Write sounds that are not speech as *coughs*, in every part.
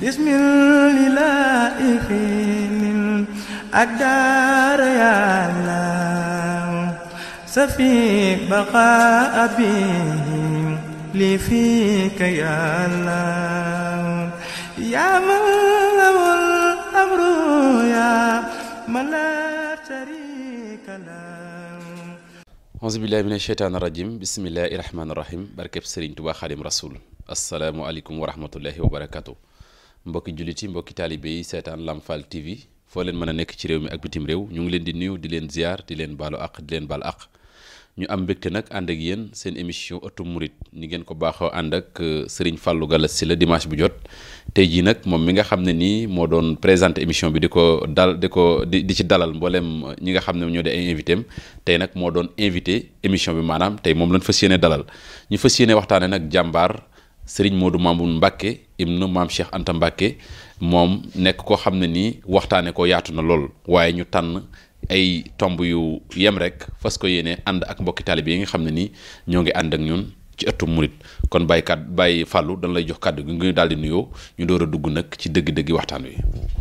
bismillaahi أدار يا الله سفي بقاء أبيهم لي فيك يا الله يا من له الأمر يا من لا شريك له أعوذ بالله من الشيطان الرجيم بسم الله الرحمن الرحيم بركة سيرين توبا خادم رسول السلام عليكم ورحمة الله وبركاته mbokki jullit yi mbokki taalibe yi seetaan Lamfal TV foo leen mën a nekk ci réew mi ak bitim réew ñu ngi leen di nuyu di leen ziar di leen baalu àq di leen baal àq ñu am mbégte nag ànd ak yéen seen émission ëttu murit ñi ngeen ko baaxoo ànd ak euh, Serigne Fallou si la dimanche bu jot tey jii nag moom mi nga xam ne nii moo doon présenté émission bi di ko dal di ko di di ci dalal mboolem ñi nga xam ne ñoo di ay invité am tey nag moo doon invité émission bi maanaam tey moom lañ fas yéene dalal ñu fas yéene waxtaane nag jàmbaar Serigne Modou Mamoun Mbacke ibnu maam Cheikh Anta Mbacke moom nekk koo xam ne nii waxtaanee ko yaatu na lool waaye ñu tànn ay tomb yu yem rek fas ko yéene ànd ak mbokki taalibe yi nga xam ne nii ñoo ngi ànd ak ñun ci ëttu murit kon bàyyi kat bàyyi fàllu dañ lay jox kàddu gi nga daal di nuyoo ñu door a dugg nag ci dëgg-dëggi waxtaan wi.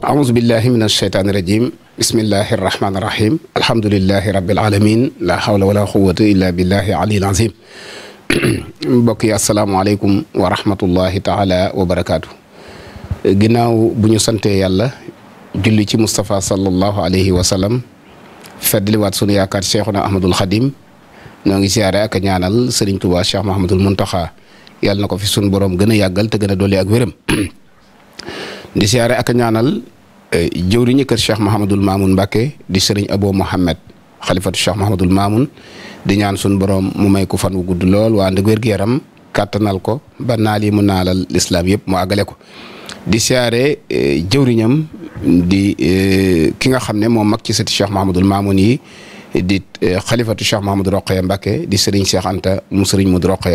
a aouzu billahi min asheytaani rajim bismillahi rahmaani rahim alhamdulillahi rabbil alamin la hawla wala quwwata illa billahi aliyil azim *clears throat* mbokk yi asalaamaaleykum wa rahmatullahi taala wa barakaatu. ginnaaw bu ñu santee yàlla julli ci Moustapha sallallahu alayhi wa sallam feddliwaat sunu yaakaar Cheikhuna Ahmadul Xadim ñoo ngi siyaare ak ñaanal Serigne Touba Cheikh Mahamadul Muntaxa yàlla na ko fi sunu borom gën a yàggal te gën a dolli ak wéram *clears throat* di siyaare ak ñaanal eh, jëwriñu kër Cheikh Mahamadul Mamoun Mbacke di Serigne Abo Mohamed. xalifatu Cheikh Mahamadul Maamun di ñaan suñu borom mu may ko fan wu gudd lool waa ndëg wér-gu-yaram ko ba naal yi mu naalal lislaam yëpp mu àggale ko di siyaare eh, jëwriñam di eh, ki nga xam ne moom mag ci sëti Cheikh Mahamadul Maamun yi di eh, xalifatu Cheikh Mahamadou Roqaya Mbacke di sëriñ Cheikh Anta mu sëriñ Modou ak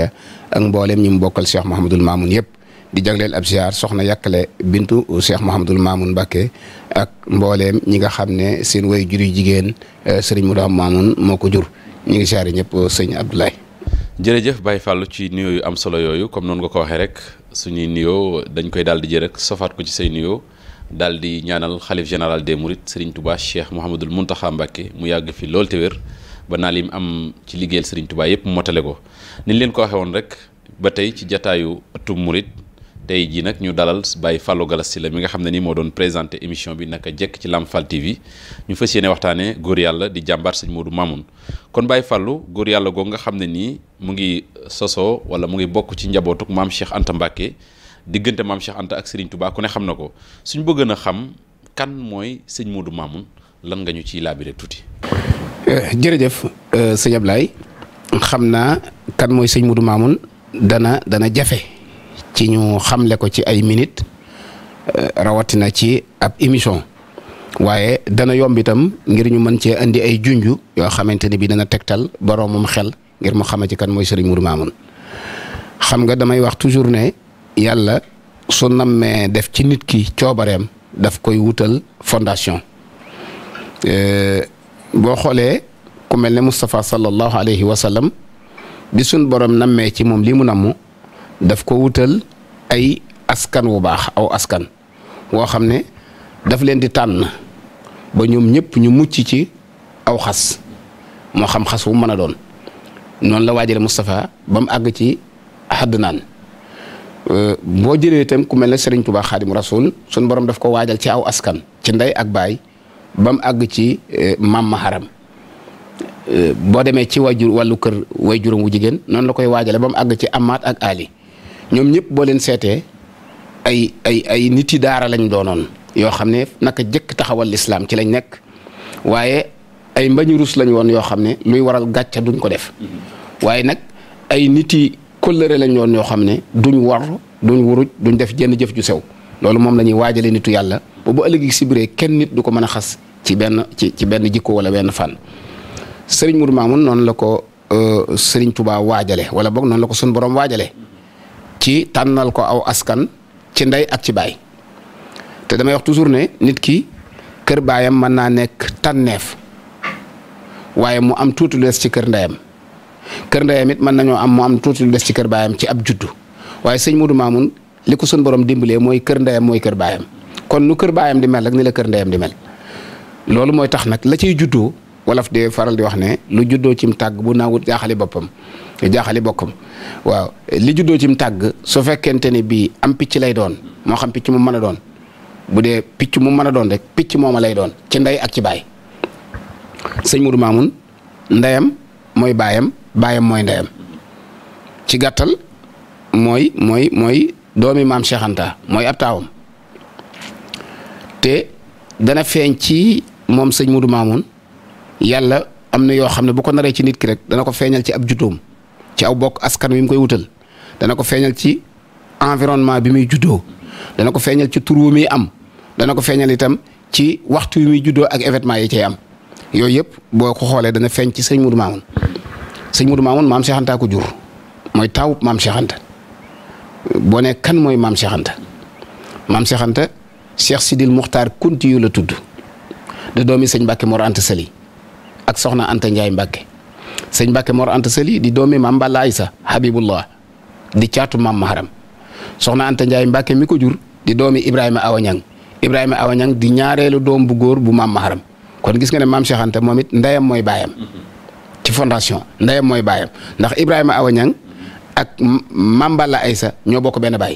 mboolem ñi mu bokkal Cheikh Mahamadul Maamun yëpp di jagleel ab ziar soxna yàkkale bintu Cheikh Mahamadul Maamun Mbacke ak mbooleem ñi nga xam ne seen way jur yu jigéen eh, sëriñ Modou Mamoun moo ko jur ñu ngi siyaare ñëpp eh, sëñ Abdoulaye. jërëjëf Baye Fallou ci nuyoo yu am solo yooyu comme noonu nga ko waxee rek suñuy nuyoo dañ koy daal di jël rek sofaat ko ci say nuyoo daal di ñaanal xalif général de Mourides Serigne Touba Cheikh Mouhamadul Mountakha Mbacké mu yàgg fi loolu te wér ba naa lim am ci liggéeyal Serigne Touba yëpp motale ko ni leen ko waxee woon rek ba tey ci jataayu ëttub Mouride. tey jii nag ñu dalal Baye Fallou Galass Sylla mi nga xam ne nii moo doon présenté émission bi naka jekk ci lam Lamfal TV ñu fas yéene waxtaanee góor yàlla di jàmbaar sëñ Modou Mamoun kon Baye Fallou góor yàlla googu nga xam ne nii mu ngi sosoo wala mu ngi bokk ci njabootuk maam Cheikh Anta Mbacké diggante maam Cheikh Anta ak Serigne Touba ku ne xam na ko suñ bëggoon a xam kan mooy sëñ Modou Mamoun lan nga ñu ciy laabire tuuti. Eh, jërëjëf eh, sëñ Ablaye xam naa kan mooy sëñ Modou Mamoun dana dana jafe. ci ñu xamle ko ci ay minit euh, rawatina ci ab émission waaye dana yomb itam ngir ñu mën cee indi ay junju yoo xamante ne bii dana tegtal moom xel ngir mu xama ci kan mooy Serigne Modou Mamoune xam nga damay wax toujours ne yàlla su nammee def ci nit ki coobareem daf koy wutal fondation euh, boo xoolee ku mel ne Moustapha sallallahu alayhi wa bi suñ borom nammee ci moom lii mu namm daf ko wutal ay askan wu baax aw askan woo xam ne daf leen di tànn ba ñoom ñëpp ñu mucc ci aw xas moo xam xas wu mën a doon noonu la waajale Moustapha ba mu àgg ci xadd naan euh, boo jëlee itam ku mel ne Serigne Touba Xaadim Rasul suñ borom daf ko waajal ci aw askan ci ndey ak baay ba mu àgg ci euh, maam maharam euh, boo demee ci wajur wàllu kër way juróom wu jigéen noonu la koy waajale ba mu àgg ci amaat ak ali ñoom ñëpp boo leen seetee ay ay ay nit yi daara lañ doonoon yoo xam ne naka jëkk taxawal lislaam ci lañ nekk waaye ay mbañu rus lañ woon yoo xam ne luy waral gàcca duñ ko def mm-hmm. waaye nag ay nit yi kóllëre lañ woon yoo xam ne duñ war duñ wuruj duñ def jenn jëf ju sew loolu moom la ñuy waajale nitu yàlla ba bu ëllëgi sibiree kenn nit du ko mën a xas ci benn ci ci benn jikko wala benn fànn sëriñ Mourou Mamoun noonu la ko euh, sëriñ tubaab waajale wala boog noonu la ko sun borom waajale ci tànnal ko aw askan ci ndey ak ci baay te damay wax toujours ne nit ki kër baayam mën naa nekk tànneef waaye mu am tuuti lu des ci kër ndeyam kër ndeyam it mën nañoo am mu am tuuti lu des ci kër baayam ci ab juddu waaye sëñ Modou Mamoun li ko suñ boroom dimbalee mooy kër ndeyam mooy kër baayam kon nu kër baayam di mel rek ni la kër ndeyam di mel loolu mooy tax nag la ciy juddoo wolof de faral di wax ne lu juddoo cim tàgg bu naa naawut jaaxale boppam. jaaxali bokkam waaw li juddoo cim tàgg su fekkente ne bii am picc lay doon moo xam picc mu mën a doon bu dee picc mu mën a doon rek picc mooma lay doon ci ndey ak ci baay sëñ Mourou Mamoun ndeyam mooy baayam baayam mooy ndeyam ci gàttal mooy mooy mooy doomi maam Cheikh mooy ab taawam te dana feeñ ci moom sëñ Mourou Mamoun yàlla am na yoo xam ne bu ko naree ci nit ki rek dana ko feeñal ci ab juddóom ci aw bokk askan wi mu koy wutal dana ko feeñal ci environnement bi muy juddoo dana ko feeñal ci tur wu muy am dana ko feeñal itam ci waxtu wi muy juddoo ak événement yi cay am yooyu yëpp boo ko xoolee dana feeñ ci sëñ Modou sëñ Modou Mamoun maam Cheikh jur mooy taw maam Cheikh Anta boo ne kan mooy maam Cheikh Anta maam Cheikh Anta Sidil Muxtaar Kunti la tudd da doomi sëñ Mbàkke Mor Anta Sali ak soxna Anta Ndiaye Mbàkke sëñ Mbàkke Mor Anta Sali di doomi maam Balla Aysa Habibullah di caatu maam Maharam soxna Anta Ndiaye Mbàkke mi ko di doomi Ibrahima Awañang Ibrahima Awañang di ñaareelu doom bu góor bu maam Maharam kon gis nga ne maam Cheikh Anta moom it ndeyam mooy baayam ci fondation ndeyam mooy baayam ndax Ibrahima Awañang ak maam Balla Aysa ñoo bokk benn baay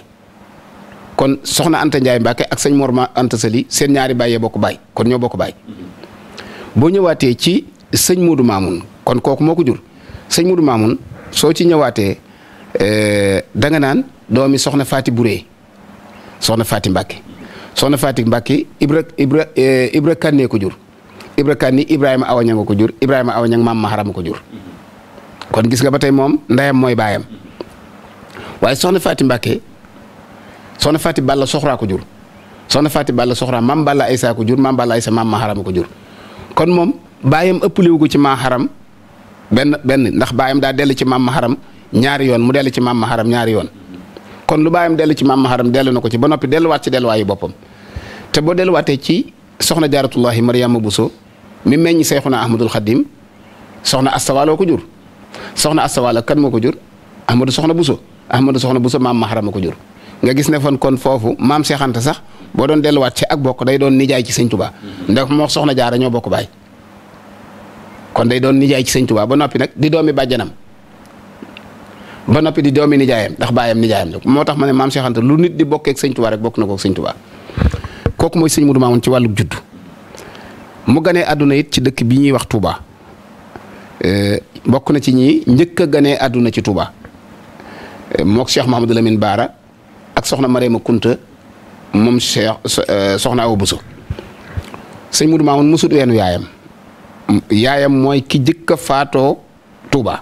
kon soxna Anta Ndiaye Mbàkke ak sëñ Mor Anta Sali seen ñaari baay yee bokk baay kon ñoo bokk baay boo ñëwaatee ci sëñ Moodu Maamun kon kooku moo ko jur sëñ Moodu Maamun soo ci ñëwaatee eh, da nga naan doomi soxna Faati Buree soxna Faati Mbàkke soxna Faati Mbàkke Ibra Ibra eh, Ibra Kane ko jur Ibrahima Awaña nga ko jur Ibrahima Awaña maam Maharam ko jur kon gis nga ba tey moom ndayam mooy baayam waaye soxna Faati Mbàkke soxna Faati Balla Soxraa ko jur soxna Faati Balla Soxraa maam Balla Aysa ko jur maam Balla Aysa maam Maharam ko jur kon moom. baayam ëppaliwu ko ci maam xaram benn benn ndax baayam daa dellu ci maam xaram ñaari yoon mu dellu ci maam xaram ñaari yoon kon lu baayam dellu ci maam xaram dellu na ko ci ba noppi delluwaat ci delluwaayu boppam te boo delluwaatee ci soxna jaaratullahi Mariama Bousso mi meññ Seexuna Ahmadul Xadim soxna astawaaloo ko jur soxna astawaala kan moo ko jur Ahmadu soxna Bousso Ahmadu soxna Bousso maam Maharama ko jur nga gis ne fan kon foofu maam Seexanta sax boo doon delluwaat ci ak bokk day doon nijaay ci sëñ Tuubaa ndax moo soxna jaara ñoo bokk baay kon day doon nijaay ci sëñ Tuubaa ba noppi nag di doomi bàjjanam ba noppi di doomi nijaayam ndax baayam nijaayam moo tax ma ne maam Cheikh Anta lu nit di bokkee ak sëñ Tuubaa rek bokk na kooku mooy sëñ Mudu Maamun ci wàllu juddu mu ganee àdduna it ci dëkk bi ñuy wax euh, bokk na ci ñi njëkk a ganee àdduna ci Touba euh, mook Cheikh Mahamadou Lamine ak soxna Marema Kunta moom Cheikh euh, soxna Awa sëñ Mudu Maamun weenu yaayam yaayam mooy ki jëkk a faatoo Touba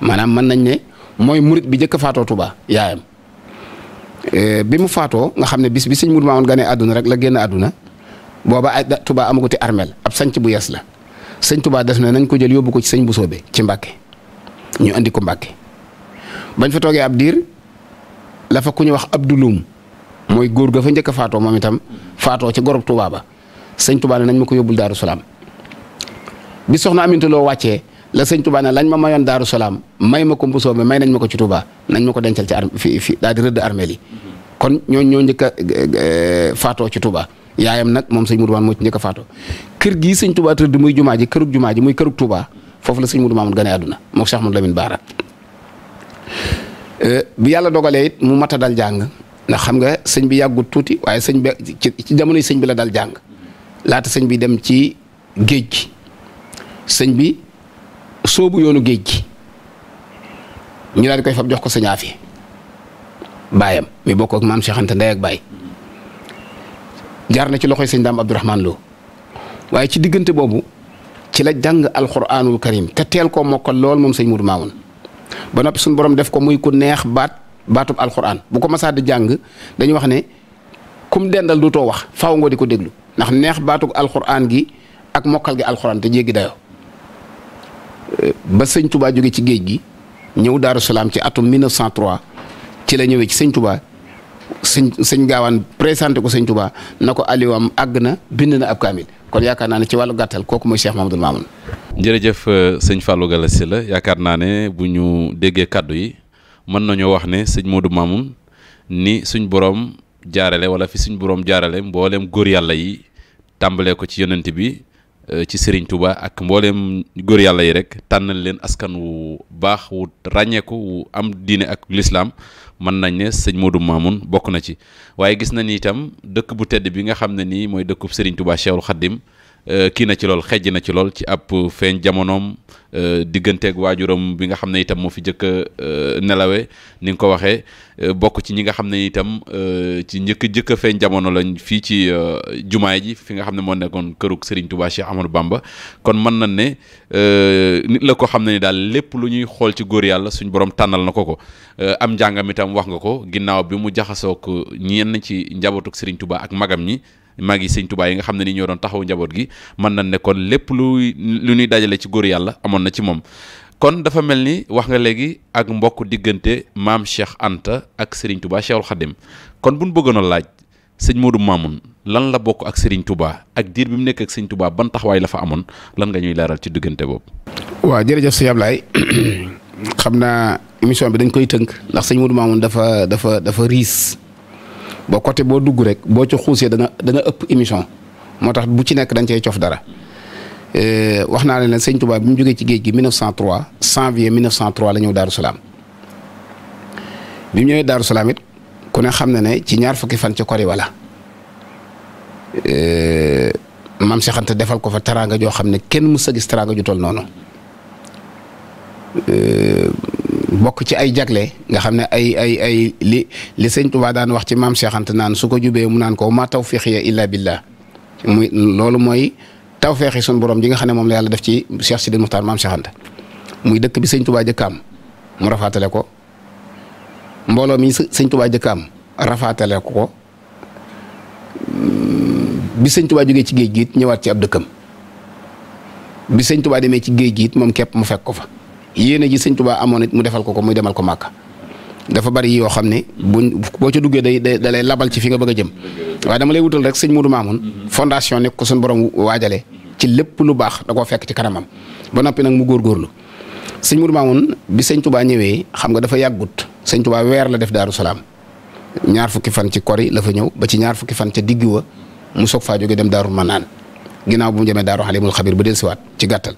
maanaam mën nañ ne mooy murit bi jëkk faatoo Touba yaayam eh, bi mu faatoo nga xam ne bis bi sëñ Mourou Mamoun ganee àdduna rek la génn àdduna booba ay Touba amaguti armel ab sanc bu yes la sëñ Touba des na nañ ko jël yóbbu ko ci sëñ Bousso bi ci Mbàkke ñu indi ko Mbàkke bañ fa toogee ab diir la fa ku ñu wax Abdouloum mooy góor ga fa njëkk faatoo moom itam faatoo ci gorob Touba ba sëñ Touba ne nañ mu ko yóbbul Daaru Salaam bi soxna Aminta Lo wàccee la sëñ Touba ne lañ ma mayoon Daaru Salaam may ma ko mbusoo ma may nañ ma ko ci Touba nañ ma ko dencal ci arme fi fi daal di rëdd armeel kon ñoo ñoo njëkk a faatoo ci Touba yaayam nag moom sëñ Mourou Mamoun moo ci njëkk faatoo kër gii sëñ Touba tëdd muy jumaa ji kërug jumaa ji muy kërug Touba foofu la sëñ Mourou Mamoun gane àdduna moom Cheikh mu Lamine Bara euh, bi yàlla dogalee mu mat a dal jàng ndax xam nga sëñ bi yàggut tuuti waaye sëñ bi ci jamonoy sëñ bi la dal jàng laata sëñ bi dem ci géej gi sëñ bi soobu yoonu géej gi ñu daal di koy fab jox ko sëñ Afi baayam mi bokk ak maam Cheikh ndey ak baay jaar na ci loxoy sëñ Daam Abdourahman Lo waaye ci diggante boobu ci la jàng alxuraanul karim te teel koo mokkal lool moom sëñ Mourou Mamoun ba noppi suñ borom def ko muy ku neex baat baatub alxuraan bu ko masaa di jàng dañuy wax ne kum dendal du too wax faw nga di ko déglu ndax neex baatug alxuraan gi ak mokkal gi alxuraan te jéggi dayoo. ba sëñ tubaa jóge ci géej gi ñëw Daaru Salaam ci atum 1903 ci la ñëwee ci sëñ Touba sëñ sëñ gaawaan présenté ko sëñ tubaa na ko aliwam àgg na bind na ab kaamil kon yaakaar naa ne ci wàllu gàttal kooku mooy Cheikh Mamadou Mamoun. jërëjëf euh, sëñ Fallou Galass la yaakaar naa ne bu ñu déggee kàddu yi mën nañoo wax ne sëñ Modou Mamoun ni suñ borom jaarale wala fi suñ borom jaarale mbooleem góor yàlla yi tàmbalee ko ci yonent bi. Euh, ci Serigne Touba ak mbooleem góor yàlla yi rek tànnal leen askan wu baax wu ràññeeku wu am diine ak lislaam mën nañ ne sëñ Modou Mamoun bokk na ci waaye gis na ni itam dëkk bu tedd bi nga xam ne nii mooy dëkku Serigne Touba Cheikhul Khadim Euh, kii na ci lool xejj na ci lool ci ab feeñ jamonoom euh, digganteeg waajuram bi nga xam ne itam moo fi njëkk a euh, nelawe ni nga ko waxee bokk ci ñi nga xam ne itam ci njëkk njëkk feeñ jamono lañ fii ci jumaa ji fi nga xam ne moo nekkoon kërug Serigne Touba Cheikh Amadou Bamba kon mën na ne nit la ko xam ne ni daal lépp lu ñuy xool ci góor yàlla suñ borom tànnal na ko ko am njàngam itam wax nga ko ginnaaw bi mu jaxasoo ko ñenn ci njabootuk sëriñ Touba ak magam ñi mag yi sëñ Tuubaa yi nga xam ne ni ñoo doon taxaw njaboot gi man na ne kon lépp lu lu ñuy dajale ci góor yàlla amoon na ci moom kon dafa mel ni wax nga léegi ak mbokk diggante maam Cheikh Anta ak Serigne tubaa Cheikhul Khadim kon bu ñu bëggoon laaj sëñ Modou Mamoun lan la bokk ak sëriñ tubaa ak diir bi mu nekk ak sëñ tubaa ban taxawaay la fa amoon lan nga ñuy leeral ci diggante boobu. waaw jërëjëf sëñ Ablaye *coughs* xam naa émission bi dañ koy tënk ndax sëñ Modou Mamoun dafa dafa dafa riis boo côté boo dugg rek boo ci xuusee dana dana ëpp émission moo tax bu ci nekk dañ cey cof dara eh, wax naa leen ne sëñ Touba bi mu jógee ci géej gi 1903 janvier 1903 la ñëw Daaru Salaam bi mu ñëwee Daaru Salaam it ku ne xam na ne ci ñaar fukki fan ci kori wala eh, mam Cheikh Anta defal ko fa teraanga joo xam ne kenn mu a gis teraanga ju toll noonu. Euh, bokk ci ay jagle nga xam ne ay ay ay li li sëñ daan wax ci maam Cheikh naan su ko jubee mu naan ko ma tawfiixiya illa billah muy loolu mooy tawfeexi sunu borom ji nga xam ne moom la yàlla def ci Cheikh Sidi Muxtaar maam Cheikh Anta muy dëkk bi sëñ Tuubaa jëkkaam mu rafaatale ko mbooloo mi sëñ Tuubaa jëkkaam rafaatale ko bi sëñ Tuubaa jógee ci géej gi ñëwaat ci ab dëkkam bi sëñ Tuubaa demee ci géej giit moom képp mu fekk ko fa. yéene ji sëñ tubaa amoon it mu defal ko ko muy demal ko Màkka dafa bari yoo xam ne buñ boo ca duggee day day lay labal ci fi nga bëgg a jëm waaye dama lay wutal rek sëñ Modou Mamoun fondation nekk ko suñu borom waajalee ci lépp lu baax da koo fekk ci kanamam ba noppi nag mu góorgóorlu sëñ Modou Mamoun bi sëñ Tuubaa ñëwee xam nga dafa yàggut sëñ Tuubaa weer la def Daaru Salaam ñaar fukki fan ci kori la fa ñëw ba ci ñaar fukki fan ca digg wa mu soog faa jóge dem Daaru Manaan ginnaaw bu mu jëmee Daaru Xalimul Xabir ba dellusiwaat ci gàttal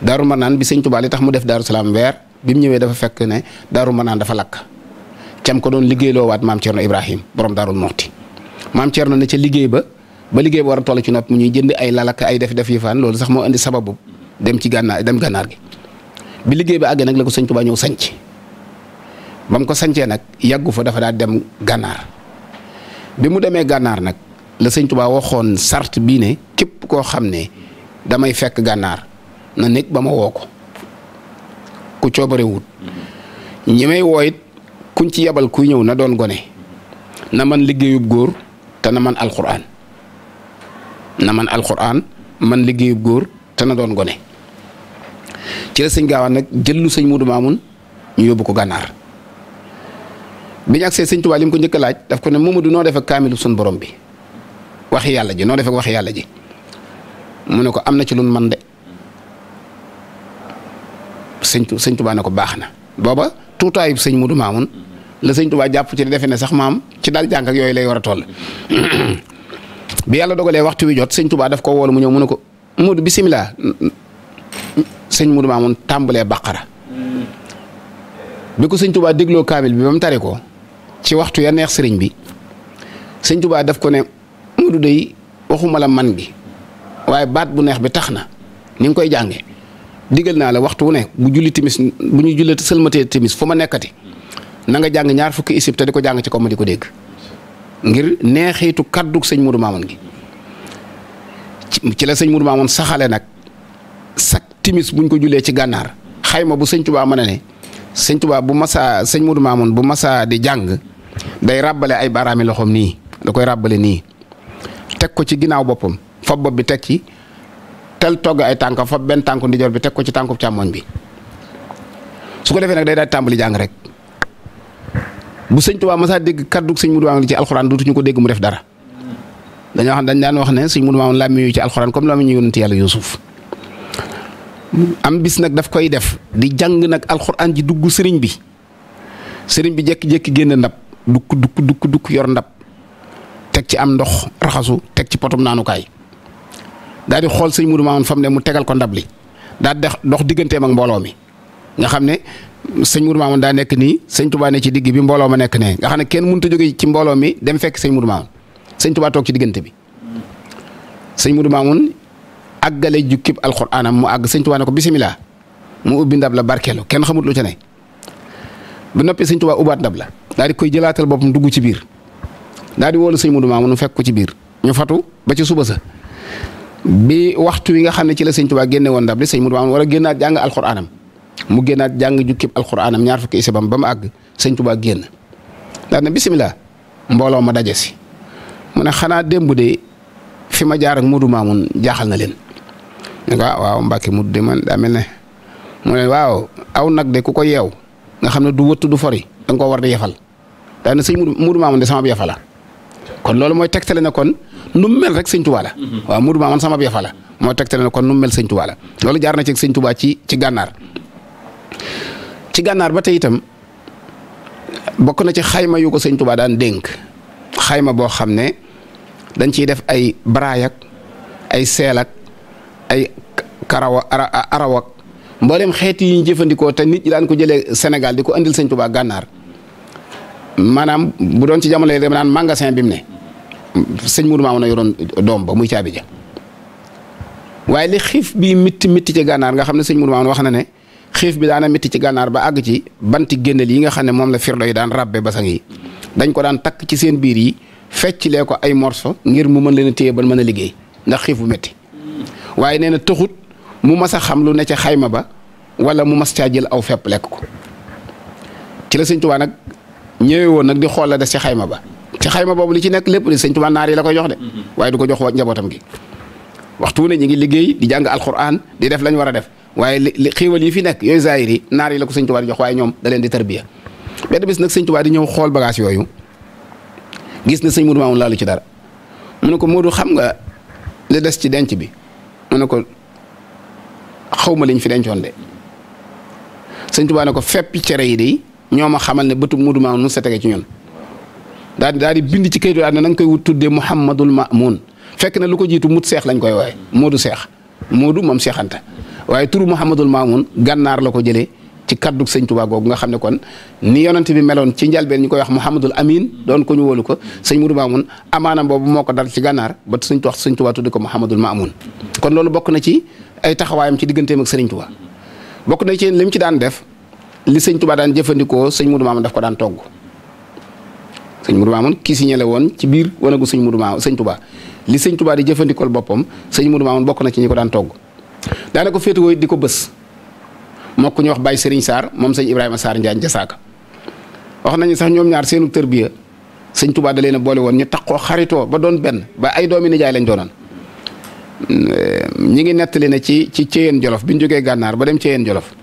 daaru manaan bi sëñ Tuubaa li tax mu def daaru salaam weer bi mu ñëwee dafa fekk ne daaru manaan dafa lakk cam ko doon liggéeyloo waat maam Thierno Ibrahim borom daarul moxti maam Thierno ne ca liggéey ba ba liggéey ba war a toll ci nopp mu ñuy jënd ay lalak ay def def yi faan loolu sax moo indi sababu dem ci gànnaar dem gànnaar gi bi liggéey bi àggee nag la ko sëñ Tuubaa ñëw sanc bam ko sancee nag yàggu fa dafa daa dem gànnaar bi mu demee gànnaar nag la sëñ Tuubaa waxoon sart bii ne képp koo xam ne damay fekk gànnaar na nekk ba ma woo ko ku coobare wut ñi may woo kuñ ci yabal kuy ñëw na doon gone na man liggéeyub góor te na man alxuraan na man alxuraan man liggéeyub góor te na doon gone ci la sëñ gaawaan nag jëllu sëñ Muudu Maamun ñu yóbbu ko gànnaar bi ñu agsee sëñ Tuubaa li mu ko njëkk laaj daf ko ne moom du noo defee kaamilu sun borom bi waxi yàlla ji noo defee waxi yàlla ji mu ne ko am na ci lu man de sëñ sëñ Tuubaa ne ko baax na booba tuutaayub sëñ Mudu Maamun la sëñ Tuubaa jàpp ci defe ne sax maam ci daal jànk yooyu lay war a toll *clears throat* bi yàlla dogalee waxtu wi jot sëñ Tuubaa daf ko woolu mu ñëw mu ne ko Mudu bisimilah sëñ Mudu Maamun tàmbalee baqara bi ko sëñ Tuubaa dégloo kaamil bi ba mu tare ko ci waxtu ya neex sëriñ bi sëñ Tuubaa daf ko ne Mudu day waxuma la man gi waaye baat bu neex bi tax na ni nga koy jànge digal naa la waxtu wu ne bu julli timis bu ñu jullee sëlmatee timis fu ma nekkati na nga jàng ñaar fukki isib te di ko jàng ci ko ma di ko dégg ngir neexiitu kàddug sëñ Mourou Mamoun gi ci la sëñ Mourou Mamoun saxale nag sak timis buñ ko jullee ci gànnaar xayma bu sëñ Touba mën a ne sëñ Touba bu masaa sëñ Mourou Mamoun bu masaa di jàng day ràbbale ay baaraami loxoom nii da koy ràbbale nii teg ko ci ginnaaw boppam fa bopp bi teg ci. tel togg ay tànka fa benn tànku ndijoor bi teg ko ci tànku càmmoñ bi su ko defee nag day daal tàmbali jàng rek bu sëñ Tuubaa masaa dégg kaddu sëñ Mudu Maamun li ci alxuraan dootuñu ko dégg mu def dara dañoo dañ daan wax ne sëñ Mudu Maamun làmmiñ yu ci alxuraan comme làmmiñ ñu yonent yàlla Yuusuf am bis nag daf koy def di jàng nag alxuraan ji dugg sëriñ bi sëriñ bi jékki-jékki génn ndab dukk dukk dukk yor ndab teg ci am ndox raxasu teg ci potum naanukaay. daal di xool sëñ Mourou Mamoun fa mu ne mu tegal ko ndab li daal di dox digganteem ak mbooloo mi nga xam ne sëñ Mourou Mamoun daa nekk nii sëñ Touba ne ci digg bi mbooloo ma nekk ne nga xam ne kenn mënut a jóge ci mbooloo mi dem fekk sëñ Mourou Mamoun sëñ Touba toog ci diggante bi sëñ Mourou Mamoun àggale jukkib alxuraanam mu àgg sëñ Touba ne ko bisimilah mu ubbi ndab la barkeelu kenn xamut lu ca ne bu noppi sëñ Touba ubaat ndab la daal di koy jëlaatal bopp mu dugg ci biir daa di wóolu sëñ Mourou Mamoun mu fekk ko ci biir ñu ba ci suba sa bi waxtu wi nga xam ne ci la sëñ Tuubaa génne woon ndab li sëñ a génnaat jàng alxuraanam mu génnaat jàng jukkib alxuraanam ñaar fukki isibam ba mu àgg sëñ Tuubaa génn daan na bisimilah mbooloo ma daje si ne xanaa démb de fi ma jaar ak Mudu jaaxal na leen. waaw ah, waaw Mbàkke Mudu de daa mel ne mu ne nag de ku ko yeew nga xam ne du wëtt du fori da nga koo war di yefal daan na sëñ Mudu Maamun de kon loolu mooy tegtale ne kon. nu mel rek sëñ Tuubaa la waaw mudu maa man sama beefa la mooy tegtale ne kon nu mel sëñ Tuubaa la loolu jaar na ci sëñ Tuubaa ci gànnaar ci gànnaar ba tey itam bokk na ci xayma yu ko sëñ Tuubaa daan dénk xayma boo xam ne dañ ciy def ay baraayak ay seelak ay karawa arawak mboolem xeet yi ñu jëfandikoo te nit ñi daan ko jëlee Sénégal di ko andil sëñ Tuubaa gànnaar maanaam bu doon ci jamono yi dem naan magasin bi mu ne sëñ Mourou na yoroon doom ba muy caabi ja waaye li xiif bii mitti mitti ci gànnaar nga xam ne sëñ Mourou Mamouna wax na ne xiif bi daana mitti ci gànnaar ba àgg ci banti génneel yi nga xam ne moom la firdo yi daan rabbe basang yi dañ ko daan takk ci seen biir yi fecc lee ko ay morso ngir mu mën leen a téye ba mën a liggéey ndax xiif bu metti waaye nee na tëxut mu mas a xam lu ne ci xayma ba wala mu mas caa jël aw fepp lekk ko ci la sëñ Tuubaa nag ñëwee woon nag di xool la xayma ba ci xayma boobu li ci nekk lépp de sëñ Tuubaa naar la koy jox de mm-hmm. waaye du ko jox njabootam gi waxtu ne ñi ngi liggéey di jàng alquran di def lañ war a def waaye li xiiwal yi fi nekk yooyu zaahir naar yi la ko sëñ Tuubaa di jox ñoom da leen di tarbiya bis nag sëñ Tuubaa di ñëw xool bagage yooyu gis na sëñ Moodu Maamun laalu ci dara mu ne ko Moodu xam nga li des ci denc bi mu ne ko xaw ma fi dencoon de sëñ Tuubaa ko fépp cere yi de ñoo ma xamal ne bëtu Moodu Maamun mu sa tege ci ñun daal di daal di bind ci kayit bi daal ne na nga koy wut tuddee Mouhamadul Mamoun fekk na lu ko jiitu mut seex lañ koy wooye Moodu Seex Moodu moom seexanta waaye turu Mouhamadul Mamoun gànnaar la ko jëlee ci kaddu sëñ Tuubaa googu nga xam ne kon ni yonent bi meloon ci njalbeen ñu koy wax Mouhamadul Amin doon ko ñu wóolu ko sëñ Moodu Mamoun amaanam boobu moo ko dal ci gànnaar ba sëñ wax sëñ Tuubaa tudde ko Mouhamadul Mamoun kon loolu bokk na ci ay taxawaayam ci digganteem ak sëriñ Tuubaa bokk na ci lim ci daan def li sëñ Tuubaa daan jëfandikoo sëñ Moodu Mamoun daf ko daan togg sëñ Modou Mamoun kii si ñele woon ci biir wanagu sëñ Modou Mamoun sëñ Touba li sëñ Touba di jëfandikool boppam sëñ Modou Mamoun bokk na ci ñu ko daan togg daana ko féetewoo di ko bës moo ko ñu wax Baye Serigne saar moom sëñ Ibrahima Sarr Njaañ Jasaaka wax nañu sax ñoom ñaar seenu tërbiya sëñ Touba da leen a boole woon ñu tax koo xaritoo ba doon benn ba ay doomi nijaay lañ doonoon ñi ngi nettali ne ci ci Ceyeen Jolof bi ñu jógee gànnaar ba dem Ceyeen Jolof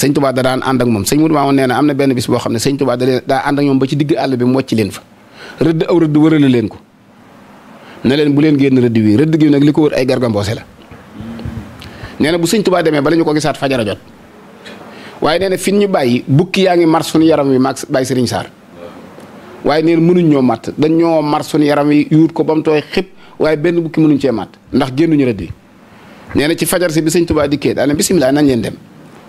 sëñ Tuubaa da daan ànd ak moom sëñ Mudu Maamun nee na am na benn bis boo xam ne sëñ Tuubaa da leen daa ànd ak ñoom ba ci digg àll bi mu wàcc leen fa rëdd aw rëdd wërale leen ko ne leen bu leen génn rëdd wi rëdd gi nag li ko wër ay gargamboose la nee na bu sëñ demee bala ñu ko gisaat fajara jot waaye nee na fi ñu bàyyi bukki yaa ngi mar suñu yaram wi maag bàyyi sëriñ Saar waaye neen mënuñ ñoo matt dañ ñoo mar yaram wi yuut ko ba mu tooy xib waaye benn bukki mënuñ cee matt ndax génnuñu rëdd wi nee na ci fajar si bi sëñ Tuubaa dikkee daal ne nañ leen dem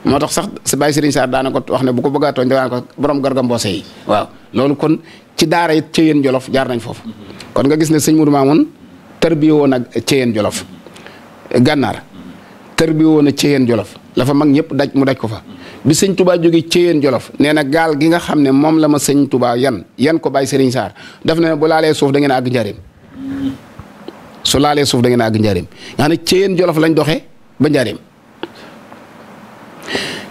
moo tax sax si bàyyi Serigne Sarr daana wax ne bu ko bëggaa tooñ daan ko borom garga mboose yi waaw loolu kon ci daara it Ceyeen Jolof jaar nañ foofu kon nga gis ne sëñ Mourou Mamoun tërbiye woon ak Ceyeen Jolof gànnaar tërbiye woon a Ceyeen Jolof la fa mag ñëpp daj mu daj ko fa bi sëñ Touba jóge Ceyeen Jolof nee na gaal gi nga xam ne moom la ma sëñ tubaa yan yan ko bàyyi Serigne Sarr daf ne bu laalee suuf da ngeen a àgg njëriñ su laalee suuf da ngeen a njëriñ nga xam ne Ceyeen Jolof lañ doxee ba njëriñ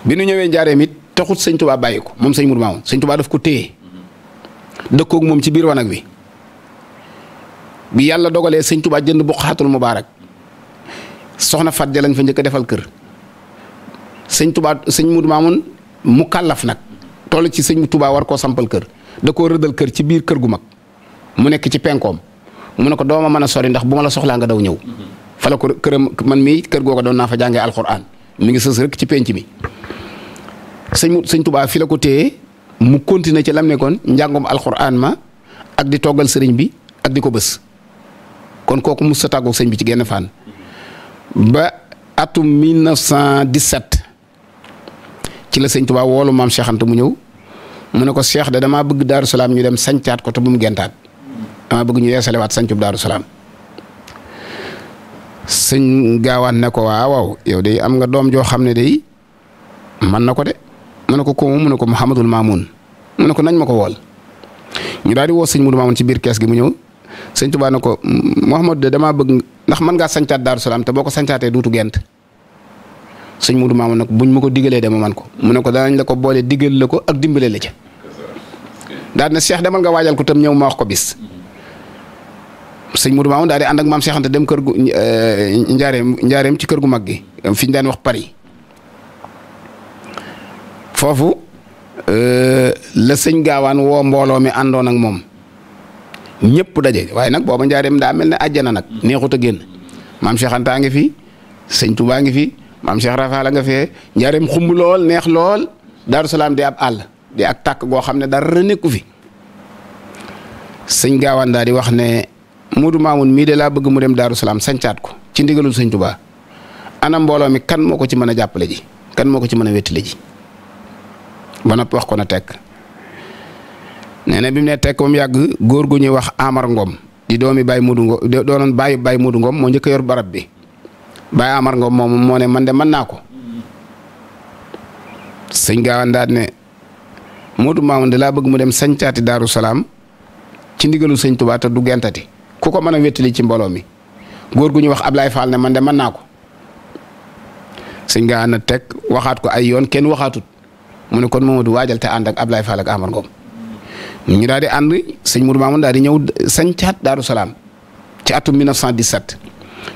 bi nu ñëwee njaareem it taxut sëñ Tuubaa bàyyi ko moom sañ sëñ Mourou Mamoun sëñ Tuubaa daf ko téye dëkkoog moom ci biir wanag wi bi yàlla dogalee sëñ Tuubaa jënd baa rek soxna Fat ja lañ fa njëkk a defal kër sëñ Tuubaa sëñ Mourou Mamoun mu kàllaf nag toll ci sëñ Tuubaa war koo sampal kër da koo rëddal kër ci biir kër gu mag mu nekk ci penkoom mu ne ko dooma mën a sori ndax bu ma la soxlaa nga daw ñëw fa la ko man mii kër googa doon naa fa jàngee mi ngi sës rek ci penc mi sëñ sëñ tubaa fi la ko téye mu continuer ci lam nekkoon njàngum alxuraan ma ak di toggal sëriñ bi ak di ko bës kon kooku mu sa tàggoog sëñ bi ci genn fànn ba atum 1917 ci la sëñ tubaa woolu maam Cheikh Anta mu ñëw mu ne ko Cheikh de damaa bëgg Daaru Salaam ñu dem sancaat ko te gentaat damaa bëgg ñu yeesalewaat sancub Daaru Salaam sëñ gaawaan na ko waaw waaw yow de am nga doom joo xam ne day man na ko de mu ne ko koomu mu ne ko mu Mouhamadul Mamoun mu ne ko nañ ma ko wool ñu daal di woo sëñ Mudu Mamoun ci biir kees gi mu ñëw sëñ Tuubaa ne ko Mouhamad damaa bëgg ndax mën ngaa sancaat Daaru Salaam boo ko sancaatee duutu gent sëñ Mudu Mamoun nag buñ ma ko digalee de ma man ko mu ne ko danañ la ko boole digal la ko ak dimbale la ca daal ne Cheikh demal nga waajal ko tam ñëw ma wax ko bis. sëñ Modou Mamoun daal di ànd ak maam dem kër gu njaareem euh, njaareem ci kër gu mag gi euh, fi daan wax Paris foofu euh, la sëñ gaawaan woo mbooloo mi àndoon ak moom ñëpp daje waaye nag booba njaareem daa mel ne àjjana nag neexut a génn maam Cheikh ngi fi sëñ Touba ngi fi maam Cheikh Rafaala nga fee njaareem xumb lool neex lool Daaru Salaam di ab àll di ak tàkk goo xam ne dara nekku fi sëñ gaawaan daal di wax ne. Modou Mamoun mii de laa bëgg mu dem Daaru Salaam sancaat ko ci ndigalul sëñ Tuubaa ana mbooloo mi kan moo ko ci mën a jàppale ji kan moo ko ci mën a wéttale ji ba noppi wax ko na teg nee na bi mu ne tekk ba mu yàgg góor gu ñuy wax Amar ngoom di doomi Baye Modou Ngom doonoon Baye moo njëkk a yor barab bi Baye Amar Ngom moom moo ne man de man naa ko sëñ Gaawaan daal ne Modou Mamoun laa bëgg mu dem sañcaati Daaru Salaam ci ndigalul sëñ Tuubaa te du gentati ku ko mën a wéttali ci mbooloo mi góor gu ñu wax Ablaye Fall ne man de man naa ko sëñ nga ànd teg waxaat ko ay yoon kenn waxaatut mu ne kon Mamadou waajal te ànd ak Ablaye Fall ak Amar Ngom ñu daal di ànd sëñ Mourou Mamoun daal di ñëw sancaat Daaru Salaam ci atum 1917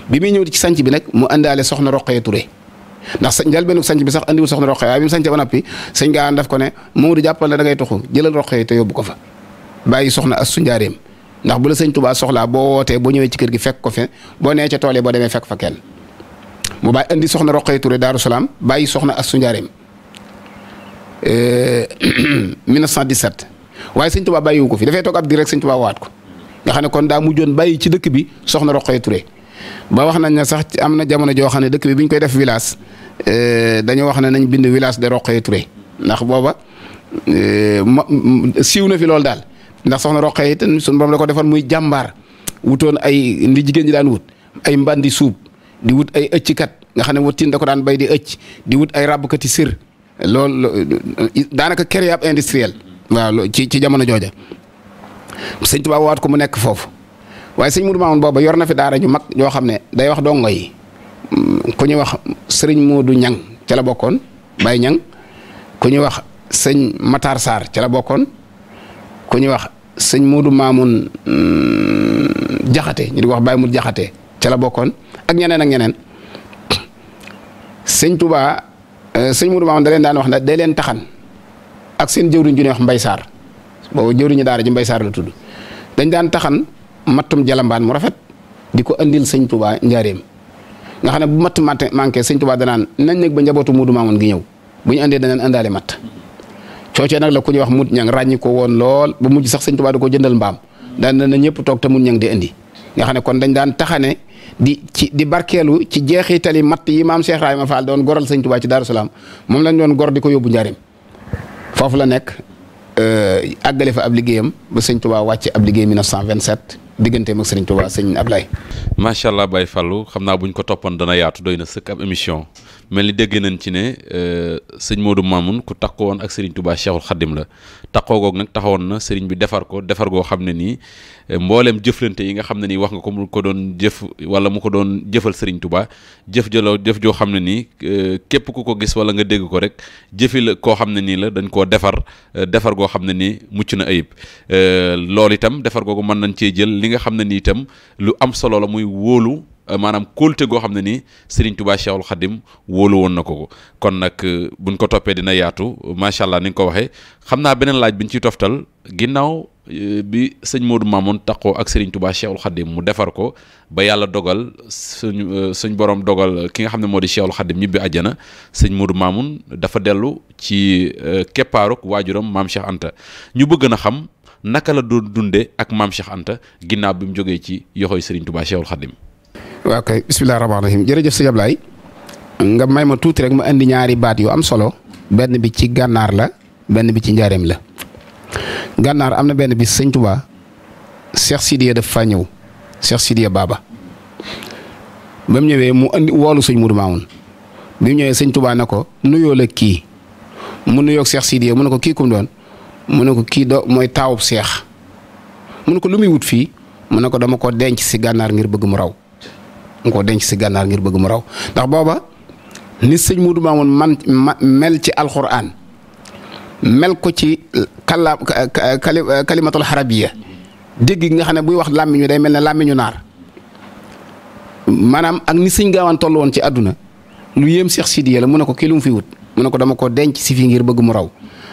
bi muy ñëw ci sanc bi nag mu àndaale soxna Roqaya Touré ndax sa njëlbeenu sanc bi sax andiwul soxna Roqaya waaye bi mu sànci ba noppi sëñ nga ànd daf ko ne Mamadou jàppal na dangay toxu jëlal Roqaya te yóbbu ko fa bàyyi soxna Astou Ndiarème ndax bu la sëñ tubaa soxlaa boo wootee boo ñëwee ci kër gi fekk ko fe boo nee ca tool yi boo demee fekk fa kenn mu bàyyi indi soxna Roqay Touré Daaru Salaam bàyyi soxna Astou Ndiarème 1917 waaye sëñ tubaa bàyyiwu ko fi dafay toog ab diir rek sëñ ko nga ne kon daa mujjoon bàyyi ci dëkk bi soxna Roqay Touré ba wax nañ ne sax am na jamono joo xam ne dëkk bi bi koy def village eh, dañoo wax ne nañ bind village de yi Touré ndax booba eh, siiw na fi loolu daal. ndax soxna Roqe yi itam suñu borom la ko defoon muy jàmbaar wutoon ay ndi jigéen ñi daan wut ay mbandi suub di wut ay ëcckat nga xam ne wattin da ko daan bay di ëcc di wut ay ràbbkati sir loolu daanaka créer ab industriel. waaw ci ci jamono jooja sëñ Tuubaa waat ko mu nekk foofu waaye sëñ Mourou Mamoun booba yor na fi daara ju mag ñoo xam ne day wax dongo yi mm, ku ñuy wax sëriñ Modou Ñang ca la bokkoon Baye Ñang ku ñuy wax sëñ Matar Sarr la bokkoon. ku ñuy wax sëñ Moodu Maamun Jaxate mm, ñu di wax Baye Moodu Jaxate ca la bokkoon ak ñeneen ak ñeneen sëñ Touba euh, sëñ Moodu Maamun da leen daan wax ne day leen taxan ak seen jëwriñ ju ne wax Mbay Saar boobu jëwriñu daara ji Mbay Saar la tudd dañ daan taxan mattum jalambaan mu rafet di ko andil sëñ Touba njaareem nga xam ne bu matt manqué sëñ Touba danaan nañ nekk ba njabootu Moodu Maamun gi ñëw bu ñu andee danaan andaale matt. coocee nag la ku ñuy wax mut ñang ràññi ko woon lool ba mujj sax sëñ Tuubaa da ko jëndal mbaam daan na ñëpp toog te mut ñang di indi nga xam ne kon dañ daan taxane di ci di barkeelu ci jeexitali matt yi maam Cheikh Rahima Fall doon goral sëñ Tuubaa ci Daaru Salaam moom lañ doon gor di ko yóbbu njaarim foofu la nekk euh, àggale fa ab liggéeyam ba sëñ Tuubaa wàcce ab liggéey 1927 digganteem ak sëriñ Tuubaa sëñ Ablaye. macha allah Baye Fallou xam naa buñ ko toppoon dana yaatu doy na sëkk émission. mel ni dégg nañ ci ne euh, sëñ Modou Mamoun ku ko woon ak Serigne Touba Cheikhul Khadim la takkoo goog nag taxawoon na Serigne bi defar ko defar goo xam ne nii euh, mbooleem jëflante yi nga xam ne nii wax nga ko mu ko doon jëf wala mu ko doon jëfal Serigne Touba jëf jëloo jëf joo xam ne nii euh, képp ku ko gis wala nga dégg ko rek jëfi la koo xam ne nii la dañ koo defar defar goo xam ne nii mucc na ayib loolu itam defar googu mën nañ cee jël li nga xam ne nii itam lu am solo la muy wóolu. Euh, maanaam kóolute goo xam ne nii Serigne Touba Cheikhul Khadim wóolu woon na ko ko kon nag bu euh, buñ ko toppee dina yaatu macha allah ni nga ko waxee xam naa beneen laaj bi ñu ciy toftal ginnaaw euh, bi sëñ Modou Mamoun taqoo ak Serigne Touba Cheikhul Khadim mu defar ko ba yàlla dogal suñu suñ borom dogal ki nga xam ne moo di Cheikhul Khadim ñibbi àjjana sëñ Modou Mamoun dafa dellu ci keppaaruk waajuram maam Cheikh Anta ñu bëgg na xam naka la doon dundee ak maam Anta ginnaaw bi mu jógee ci yoxoy Serigne Touba Cheikhul Khadim waaw kay bisimilah rahmaani rahiim jërëjëf sëñ Ablaye nga may ma tuuti rek ma indi ñaari baat yu am solo benn bi ci gànnaar la benn bi ci njaareem la gànnaar am na benn bi sëñ Tuubaa Cheikh Sidiya daf faa ñëw Cheikh Sidiya Baba ba mu ñëwee mu indi woolu sëñ Mourou Mamoun bi mu ñëwee sëñ Tuubaa ne ko nuyoo la kii mu nuyoo Cheikh Sidiya mu ne ko kii kum doon mu ne ko kii do mooy taawub Cheikh mu ne ko lu muy wut fii mu ne ko dama ko denc si gànnaar ngir bëgg mu raw. nga ko denc si gànnaar ngir bëgg mu raw ndax booba ni sëñ Muudu Maamun man mel ci alxuraan mel ko ci kala kalimatul xarabiya dégg gi nga xam ne buy wax làmmiñu day mel ne làmmiñu naar maanaam ak ni sëñ gaawaan toll woon ci àdduna lu yéem Seex Sidiya la mun ne ko kii lu mu fi wut mu ne ko dama ko denc si fii ngir bëgg mu raw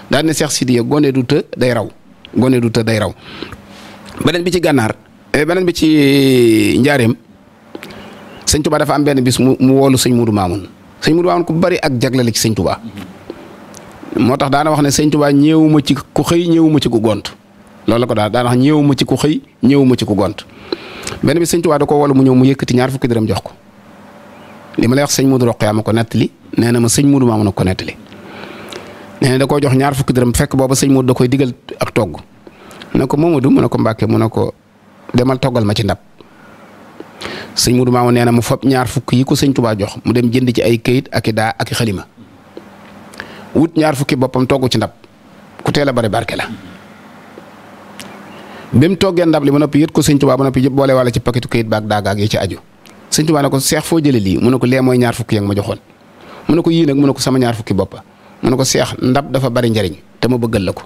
daal ne Seex Sidiya gone du të day raw gone day raw beneen bi ci gànnaar eh, beneen bi ci njaareem sëñ Touba dafa am benn bis mu mu woolu sëñ Moudou Mamoun sëñ Moudou Mamoun bari ak jagle la ci sëñ moo tax daana wax ne sëñ Touba ci ku xëy ñëwuma ci ku gont loolu la ko daal daana wax ñëwuma ci ku xëy ñëwuma ci ku gont benn bis sëñ da ko woolu mu ñëw mu yëkkati ñaar fukki dërëm jox ko li ma lay wax sëñ Moudou Roqe ma ko nettali nee na ma sëñ Moudou Mamoun a ko nettali nee na da koo jox ñaar fukki dërëm fekk booba sëñ Moudou da koy digal ak togg mu ko Mamadou mu ne ko Mbàkke mu ne ko demal toggal ma ci ndab sëñ Mudu Maamu nee na mu fob ñaar fukk yi ko sëñ Tubaa jox mu dem jënd ci ay këyit ak i daa ak i xalima wut ñaar fukki boppam togg ci ndab ku teel a bari barke la. bi mu toggee ndab li ba noppi yët ko sëñ Tubaa ba noppi yëpp boole wala ci paketu këyit baag daagaag yi ci aju sëñ Tubaa ne ko seex foo jëlee lii mu ne ko leemooy ñaar fukki ya ma joxoon mu ne ko yii nag mu ne ko sama ñaar fukki boppa mu ne ko seex ndab dafa bari njariñ te ma bëggal la ko.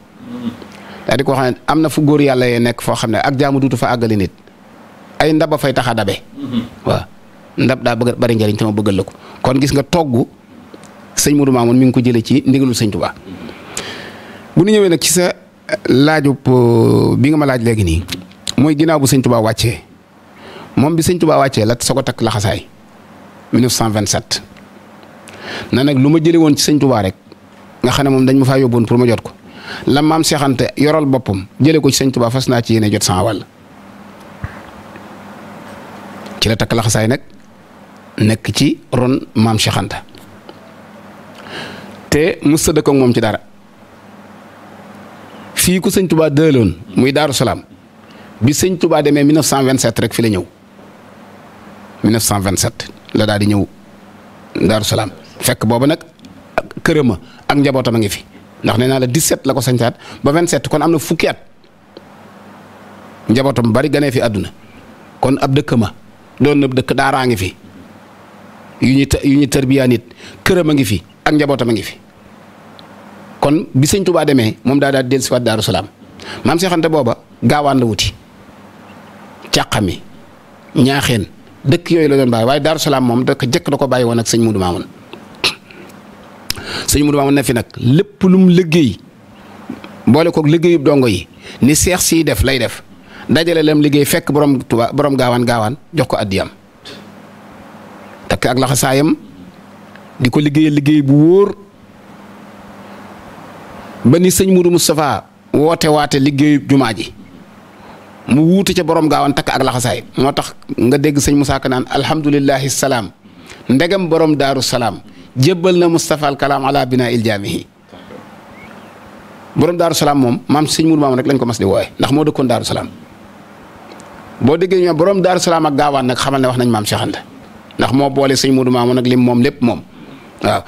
daal di am na fu góor yàlla yee nekk foo xam ne ak jaamu duutu fa àggali nit ay ndaba fay tax a dabe. Mm-hmm. waaw ndab daa bëgg bari njëriñ te ma bëggal la ko kon gis nga togg sëñ Modou Mamoun mi ngi ko jëlee ci ndigalul sëñ Touba. Mm-hmm. bu ñu ñëwee nag ci sa eh, laajub eh, bi nga ma laaj léegi nii mooy ginnaaw bu sëñ Touba wàccee moom bi sëñ Touba wàccee la soo ko takk laxasaay 1927. na nag lu ma jëlee woon ci sëñ Touba rek nga xam ne moom dañ ma faa yóbboon pour ma jot ko la maam seexante yoral boppam jëlee ko ci sëñ Touba fas naa ci yéene jot sama wàll ci la takk laxasaay nag nekk ci ron maam Cheikh te mos a dëkkoog moom ci dara fii ku sëñ Touba dëloon muy Daaru Salaam bi sëñ tubaa demee 1927 rek fi la ñëw 1927 la daal di ñëw Daaru Salaam fekk booba nag kërëma ak njabootam a ngi fi ndax nee naa la 17 la ko sañcaat ba 27 kon am na fukki at njabootam bari ganee fi àdduna kon ab dëkk ma doon na dëkk daaraa ngi fi yu ñu yu ñu tarbiyaa nit këram a ngi fi ak njabootam ngi fi kon bi sëñ Tuubaa demee moom daa daal dellusiwaat Daaru Salaam maam Seex booba gaawaan la wuti càqami ñaaxeen dëkk yooyu la doon bàyyi waaye Daaru Salaam moom da ko jëkk da ko bàyyi woon ak sëñ Mudu Maamun sëñ Mudu Maamun ne fi nag lépp lum liggéey boole koog liggéeyub dongo yi ni seex sii def lay def dajale lam liggéey fekk borom tubaa borom gaawaan gaawaan jox ko addiyam takk ak laxasaayam di ko liggéeyal liggéey bu wóor ba ni sëñ Mourou Moustapha woote waate liggéeyu jumaa ji mu wuute ca borom gaawaan takk ak laxasaay moo tax nga dégg sëñ Moussa Ka naan alhamdulilahi salaam ndegam borom daaru salaam jébbal na Moustapha al kalaam ala binaa il jaamihi borom daaru salaam moom maam sëñ Mourou maam rek lañ ko mas di wooye ndax moo dëkkoon daaru salaam. boo déggee ñu borom Daaru Salaam ak gaawaan nag xamal ne wax nañ maam Cheikh ndax moo boole sëñ Modou Mamoun nag lim moom lépp moom waaw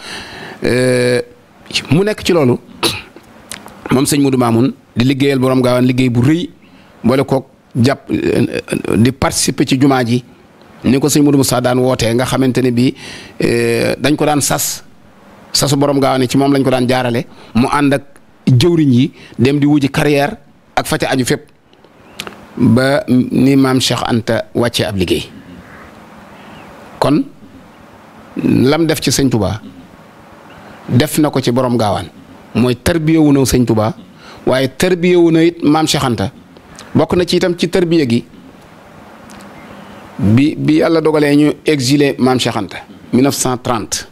mu nekk ci loolu moom sëñ Modou Mamoun di liggéeyal borom gaawaan liggéey bu rëy boole kook jàpp di participer ci jumaa ji ni ko sëñ mu saa daan wootee nga xamante ne bii eh, dañ ko daan sas sasu borom gaawaan ci moom lañ ko daan jaarale mu ànd ak jëwriñ yi dem di wuji carrière ak fa ca aju fépp. ba ni maam Cheikh Anta wàcce ab liggéey kon lam def ci sëñ Touba def na ko ci borom gaawaan mooy tarbiya wu na sëñ Touba waaye tarbiya wu na it maam Cheikh bokk na ci itam ci tarbiya gi bi bi yàlla dogalee ñu exile maam Cheikh Anta 1930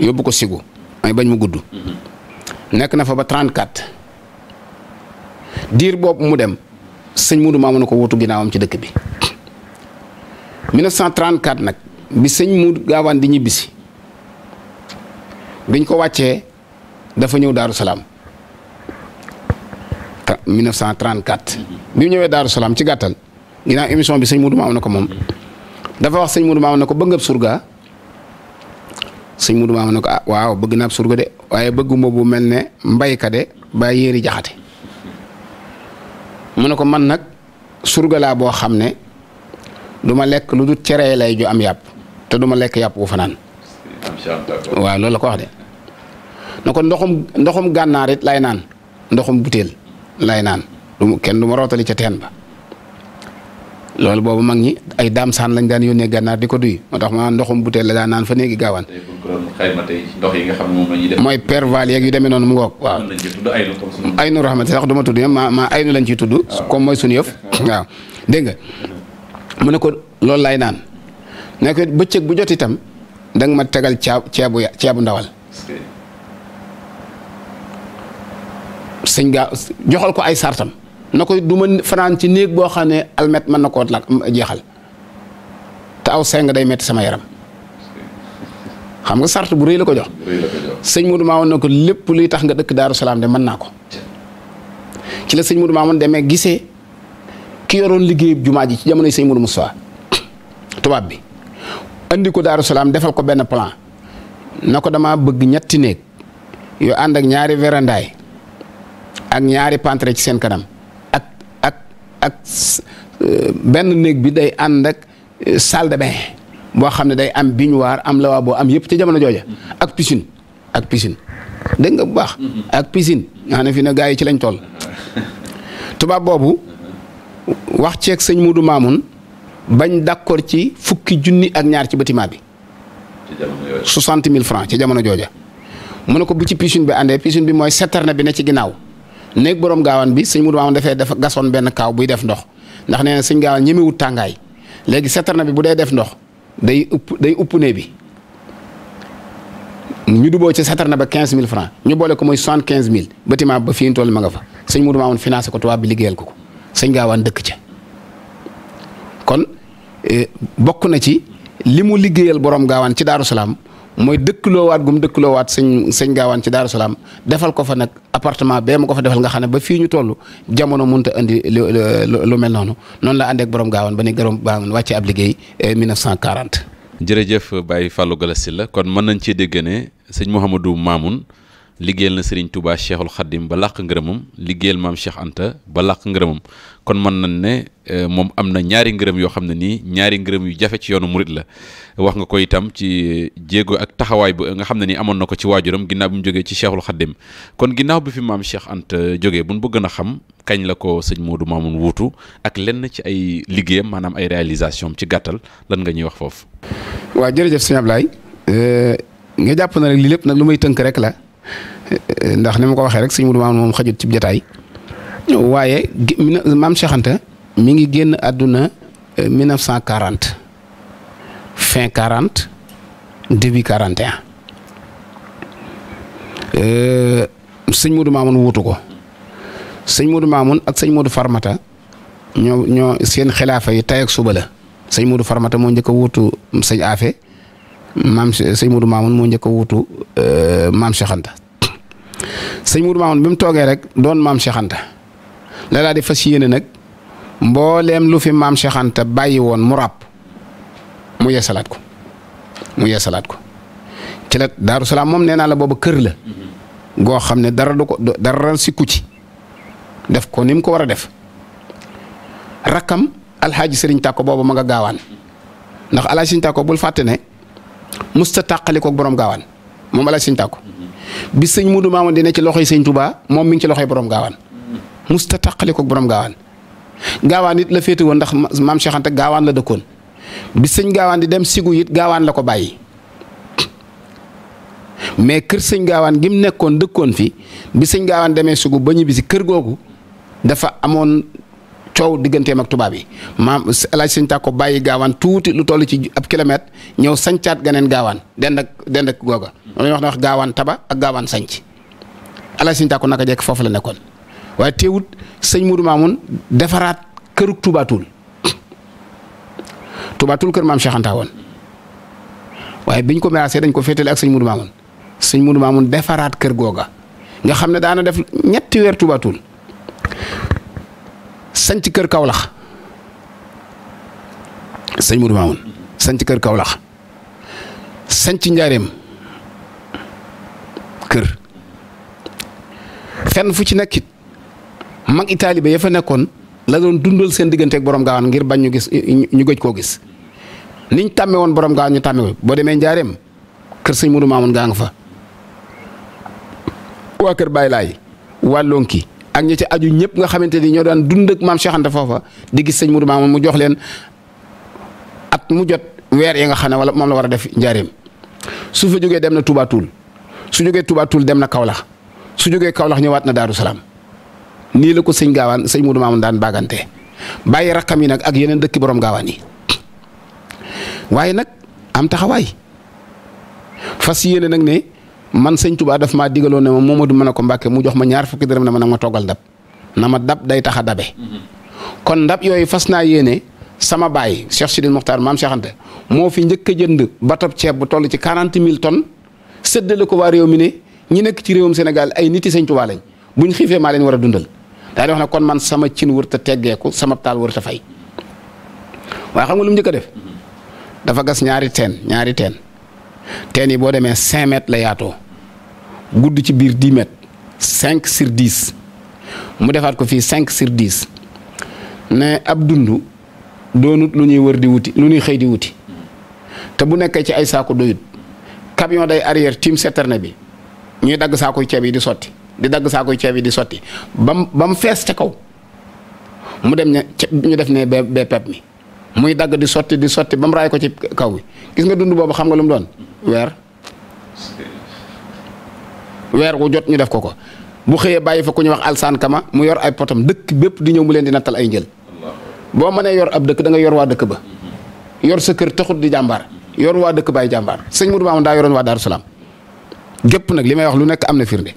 yóbbu ko Sigu may bañ mu gudd. Mhm. nekk na fa ba 34 diir boobu mu dem. sëñ Modou na ko wutu ginnaawam ci dëkk bi 1934 nag bi sëñ Modou Gaawaan di ñibbisi biñ ko wàccee dafa ñëw Daaru Salaam 1934 bi mu ñëwee Daaru Salaam ci gàttal ginnaaw émission bi sëñ Modou na ko moom dafa wax sëñ Modou na ko bëgg nga surga sëñ Modou Mamoune ko ah waaw bëgg naa ab surga de waaye bëgguma bu mel ne mbayka de ba yéeri jaxate mu ne ko man nag surga laa boo xam ne duma lekk lu dul cere lay ju am yàpp te duma lekk yàpp wu naan waaw loolu la ko wax de na ko ndoxum ndoxum gànnaar it lay naan ndoxum butéel lay naan du kenn du ma ca teen ba loolu boobu mag ñi ay daam saan lañ daan yónnee gànnaar di ko duy moo tax maanaam ndoxum butéel la daan naan fa néegi gaawaan. ndox mooy perval yeeg yu demee noonu mu ngoog. waaw mën nañ ci tudd aynu comme sax du ma tudd ma ma aynu lañ ciy tudd. comme mooy suñu yëf. *laughs* waaw dégg nga mu ne ko loolu laay naan ne ko bëccëg bu jot itam da ma tegal ceeb ceebu ya ceebu ndawal. sëñ gaa joxal ko ay sartam. na ko du ma fanaan ci néeg boo xam ne almet mën na koo lakk jeexal te aw seng day metti sama yaram xam nga sart bu rëy la ko jox. sëñ ma Mamoune na ko lépp luy tax nga dëkk Daaru Salaam de mën naa ko ci la sëñ Modou Mamoune demee gisee ki yoroon liggéeyub jumaa ji ci jamonoy sëñ Modou Moustapha *coughs* tubaab bi andi ko Daaru Salaam defal ko benn plan na ko damaa bëgg ñetti néeg yoo ànd ak ñaari werandaay ak ñaari pantre ci seen kanam. ak benn néeg bi day ànd ak euh, salle de bain boo xam ne day am baignoire am lavabo am yëpp ca jamono jooja ak piscine ak piscine dégg nga bu baax. ak piscine nga xam ne fii ne gaa yi ci lañ toll. tubaab boobu wax ceeg sëñ Muudu Maamun bañ d'accord ci fukki junni ak ñaar ci bâtiment bi. ci jamono jooja francs ci jamono jooja. mu ne ko bu ci piscine bi àndee piscine bi mooy citerne bi ne ci ginnaaw. néeg borom gaawaan bi sëñ Mourou Mamoun dafee dafa gasoon benn kaaw buy def ndox ndax nee na sëñ gaawaan ñemewut tàngaay léegi na bi bu dee def ndox day upp day upp néeg bi ñu duboo ci na ba 15000 francs ñu boole ko mooy 75000 bâtiment ba fii ñu toll ma nga fa sëñ Mourou Mamoun financé ko tubaab bi liggéeyal ko ko sëñ gaawaan dëkk ca kon eh, bokk na ci li mu liggéeyal borom gaawaan ci Daaru Salaam. mooy dëkkaloowaat gum dëkkaloowaat sëñ sëñ gaawaan ci Daaru Salaam defal ko fa nag appartement bee ma ko fa defal nga xam ne ba fii ñu toll jamono mënut a indi lu mel noonu noonu la àndeek borom gaawaan ba ni garom baa ngi wàcce ab liggéey 1940. Eh, jërëjëf Baye Fallou Galassi la kon mën nañ cee dégg ne sëñ Mouhamadou Mamoun liggéeyal na Serigne Touba Cheikhul Khadim ba làq ngërëmam liggéeyal maam Cheikh Anta ba làq ngërëmam. kon mën nañ ne euh, moom am na ñaari ngërëm yoo xam ne nii ñaari ngërëm yu jafe ci yoonu mu murit la wax nga ko itam ci jéego ak taxawaay bu nga xam ne nii amoon na ko ci waajuram ginnaaw bi mu jógee ci cheikhul xaddim kon ginnaaw bi fi maam Cheikh Anta jógee bu ñu bëgg a xam kañ la ko sëñ Modou Mamoun wuutu ak lenn ci ay liggéeyam maanaam ay réalisation ci gàttal lan nga ñuy wax foofu. waaw jërëjëf sëñ Ablaye euh, nga jàpp na rek lii lépp nag lu may tënk rek la euh, ndax ni ma ko waxee rek sëñ Modou Mamoun moom xajut ci jataay waaye maam Cheikh mi ngi génn àdduna 1940 euh, fin 40 début 41 euh, sëñ Modou Mamoun wuutu ko sëñ Modou Mamoun ak sëñ Modou Farmata ñoo ñoo seen xilaafa yi tay ak suba la sëñ Modou Farmata moo njëkk wutu sëñ Afe maam sëñ Modou Mamoun moo njëkk a wuutu euh, maam Cheikh Anta sëñ Modou Mamoun mu toogee rek doon maam Cheikh la di fas yéene nag mbooleem lu fi maam Cheikh bàyyi woon mu ràpp mu yeesalaat ko mu yeesalaat ko ci la Daaru Salaam moom nee naa la booba kër la goo xam ne dara du ko dara sikku ci def ko ni mu ko war a def rakkam alxaaji sëriñ tàkko boobu ma nga gaawaan ndax alxaaji sëriñ tàkko bul fàtte ne musta tàqali borom gaawaan moom alxaaji sëriñ tàkko bi sëñ Mudu Maamun di ne ci loxoy sëñ Tuubaa moom mi ngi loxo loxoy borom gaawaan musta taqale ko boroom gaawaan gaawaan it la féete woon ndax maam Cheikh Anta gaawaan la dëkkoon bi sëñ gaawaan di dem sigu it gaawaan la ko bàyyi mais kër sëñ gaawaan gi mu nekkoon dëkkoon fi bi sëñ gaawaan demee sigu ba ñibbi si kër googu dafa amoon coow digganteem ak tubaab yi maam El Hadj Sëñ Tàkko bàyyi gaawaan tuuti lu toll ci ab kilomètre ñëw sancaat ganeen gaawaan dend ak dend ak googa. wax na wax gaawaan taba ak gaawaan sanc El Hadj Sëñ Tàkko naka jekk foofu la nekkoon. waaye téewut sëñ Mourou Mamoun defaraat kërug tubaatul tubaatul kër maam Cheikh woon waaye biñ ko meyaasee dañ ko féetale ak sëñ Mourou Mamoun sëñ Mourou Mamoun defaraat kër googa nga xam ne daana def ñetti weer tubaatul sanc kër Kaolack sëñ Mourou Mamoun sanc kër Kaolack sanc njaareem kër fenn fu ci nekkit mag i taalibe ya fa nekkoon la doon dundal seen digganteek ak borom gaawaan ngir bañ ñu gis ñu gëj koo gis niñ tàmme woon boroom gaawaan ñu tàmme ko boo demee Njaareem kër sëñ Mourou Mamoun gaa nga fa. waa kër Baye Laay wàllonki ak ñu ci aju ñëpp nga xamante ni ñoo daan dund ak maam Cheikh foofa di gis sëñ Mourou Mamoun mu jox leen at mu jot weer yi nga xam ne wala moom la war a def Njaareem su fa jógee dem na Touba su jógee Touba Toul dem na Kaolack su jógee Kaolack ñëwaat na Daaru Salaam. nii la ko sëñ gaawaan sëñ Modou Mamoun daan baagante bàyyi rakkam yi nag ak yeneen dëkki boroom gaawaan yi waaye nag am taxawaay fas yéene nag ne man sëñ Touba daf maa digaloon ne ma du mën a ko mbàkke mu jox ma ñaar fukki dërëm ne ma na ma toggal ndab na ma dab day tax a dabe. kon ndab yooyu fas naa yéene sama baay Cheikh Sidil Mokhtar maam Cheikh moo fi njëkk jënd batab ceeb bu toll ci quarante mil ton séddale ko waa réew mi ne ñi nekk ci réewum Sénégal ay nit yi sëñ buñ xiifee maa leen war a dundal. daa di wax na kon man sama cin wërta teggeeku sama taal wërta fay waa xam nga lu mu njëkk def dafa gas ñaari teen ñaari teen teen yi boo demee 5 mètres la gudd ci biir 10 mètres sur 10 mu defaat ko fii cinq sur 10 ne ab dund doonut lu ñuy wër di wuti lu ñuy xëy di wuti te bu nekkee ci ay saako doyut camion day arrière tiim citerne bi ñuy dagg saako ceeb yi di sotti. di dagg saakoy ceeb yi di sotti ba mu ba mu fees ca kaw mu dem ne ñu def ne bee pepp mi muy dagg di sotti di sotti ba mu raay ko ci kaw bi gis nga dund boobu xam nga lu mu doon weer weer wu jot ñu def ko ko bu xëyee bàyyi fa ku ñu wax alsaan kama mu yor ay potom dëkk bépp di ñëw mu leen di nattal ay njël boo mënee yor ab dëkk da nga yor waa dëkk ba yor sa kër taxut di jàmbaar yor waa dëkk baay jàmbaar sëñ Mourou Mamoun daa yoroon waa Darou Salaam gépp nag li may wax lu nekk am na firnde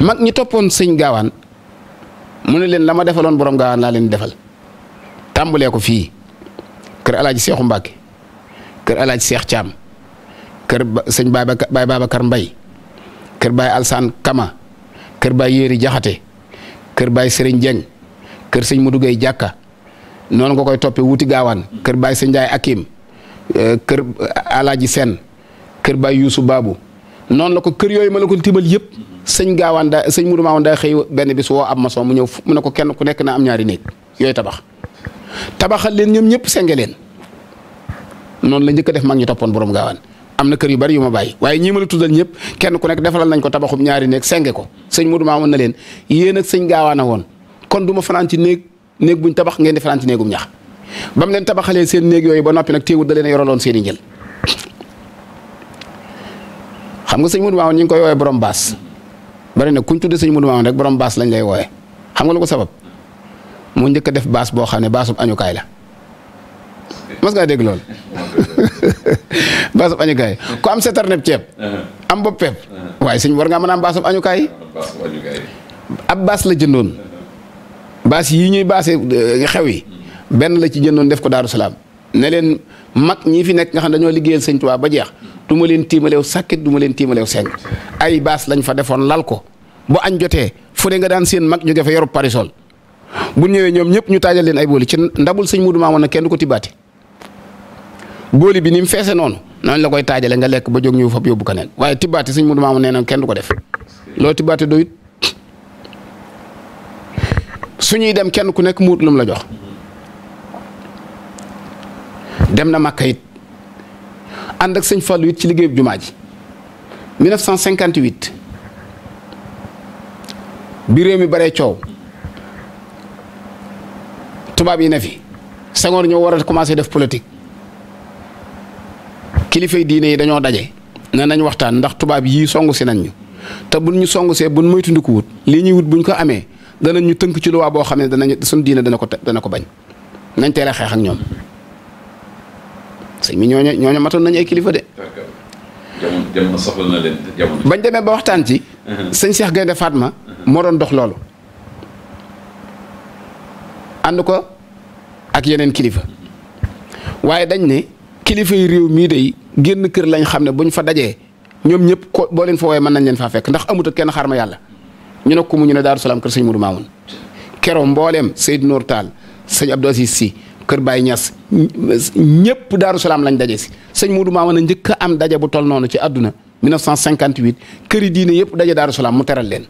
mag ñi toppoon sëñ gaawaan mu ne leen la ma defaloon boroom gaawaan laa leen defal tàmbalee ko fii kër alaaji seexu Mbàkke kër alaaji seex Caam kër sëñ baay baay Mbay kër baay Alsaan Kama kër baay Yéeri Jaxate kër baay Sëriñ Jeng kër sëñ Mudu Gay Jàkka noonu ko koy toppee wuti gaawaan kër baay sëñ Njaay Akim eh, kër alaaji Sen kër baay Yuusu Baabu noonu la ko kër yooyu ma la ko timal yëpp sëñ gaawaan daa sëñ Mourou Mawane daa xëy benn bis woo ab maçon mu ñëw mu ne ko kenn ku nekk na am ñaari néeg yooyu tabax tabaxal leen ñoom ñëpp senge leen noonu la njëkk def mag ñu toppoon borom gaawaan am na kër yu bari yu ma bàyyi waaye ñii ma la tuddal ñëpp kenn ku nekk defalal nañ ko tabaxub ñaari néeg senge ko sëñ Mourou Mawane na leen yéen ak sëñ gaawaan a woon kon du ma fanaan ci néeg néeg buñ tabax ngeen di fanaan ci néegum ñax bam mu leen tabaxalee seen néeg yooyu ba noppi nag téewut leen a yoraloon seen nga sëñ Mourou ñu ngi koy woowee borom bari na kuñ tudde sëñ Modou Mamoune rek borom baas lañ lay wooye xam nga lu ko sabab moo njëkk def baas boo xam ne baasub añukaay la mas ngaa dégg loolu *laughs* baasub añukaay am setar neb ceeb uh-huh. am bopp pepp uh-huh. waaye sëñ war ngaa man a am añukaay ab baas la jëndoon baas yi ñuy baase eh, xew yi benn la ci jëndoon def ko Daaru Salaam ne leen mag ñii fi nekk nga xam dañoo liggéeyal sëñ Tuubaa ba jeex du ma leen tiimaleew sàkkit du ma leen tiimaleew seng ay baas lañ fa defoon lal ko bu añ jotee fu de nga daan seen mag ñu nga fa yoru parisol bu ñëwee ñoom ñëpp ñu taajal leen ay booli ci ndabul sëñ Mudu Maamoon na kenn du ko tibbaati booli bi ni mu feese noonu noonu la koy taajale nga lekk ba jóg ñëw fab yóbbu keneen waaye tibbaati sëñ Mudu Maamoon nee na kenn du ko def loolu tibbaati doyut su ñuy dem kenn ku nekk muut lu la jox dem na Makka it ànd ak sëñ Fallou it ci liggéeyub jumaa ji 1958 bi réew mi baree coow tubaab yi ne fi Senghor ñoo war a commencé def politique kilifay diine yi dañoo daje ne nañ waxtaan ndax tubaab yii songu si nañ ñu te bu ñu songu see buñ moytu ndiku wut lii ñuy wut buñ ko amee danañ ñu tënk ci luwaa boo xam ne danañ suñ diine dana ko dana ko bañ nañ teel a xeex ak ñoom. sëñ bi ñooñu matoon nañu ay kilifa de. bañ demee ba waxtaan ci. Uh-huh. sëñ Cheikh Gaynde Fatma. Uh-huh. moo doon dox loolu. ànd ko ak yeneen kilifa. waaye dañ ne kilifa réew mii day génn kër lañ xam ne buñ fa dajee ñoom ñëpp ko boo leen fa mën nañ leen faa fekk ndax amut kenn xaar ma yàlla. ñu ne ko mu ñu ne Daaru Salaam kër sëñ Mourou Mamoun. keroo mbooleem Seydou Nour Tall sëñ Abdou Aziz Sy. kër Baye Niass ñëpp Daaru Salaam lañ daje si sëñ Modou Mamoun na njëkk am daje bu toll noonu ci àdduna 1958 këri diine yëpp daje Daaru Salaam mu teral leen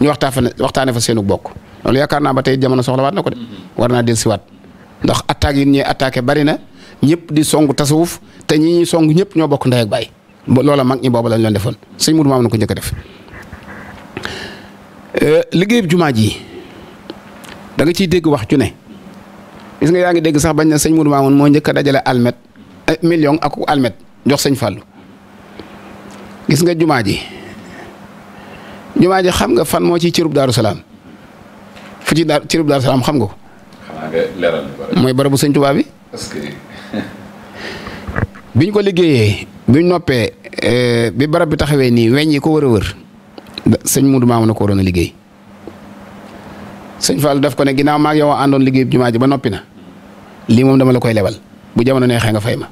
ñu waxtaan fa waxtaane fa seenu bokk loolu yaakaar naa ba tey jamono soxlawaat na ko de war naa dellusiwaat ndax attaques yi ñuy attaque bari na ñëpp di song tasawuf te ñi ñuy song ñëpp ñoo bokk ndey ak baay loola mag ñi boobu lañ leen defoon sëñ Modou na ko njëkk a def euh, liggéeyub jumaa ji da nga ciy dégg wax ju ne. gis nga yaa ngi dégg sax bañ na sëñ Mourou Mamoun moo njëkk a dajale almet eh, million ak almet njox sëñ Fallou gis nga jumaa ji jumaa ji xam nga fan moo ci cirub Daaru Salaam fu ci daar cirub Daaru xam nga mooy barabu sëñ Tuubaa bi. parce que biñ ko liggéeyee biñ noppee eh, bi barab bi taxawee nii weñ yi ko wër a wër sëñ Mourou Mamoun ko waroon a liggéey. sëñ Fall daf ko ne ginnaaw maag yow a àndoon liggéey jumaa ji ba noppi na lii moom dama la koy lebal bu jamono neexee nga fay ma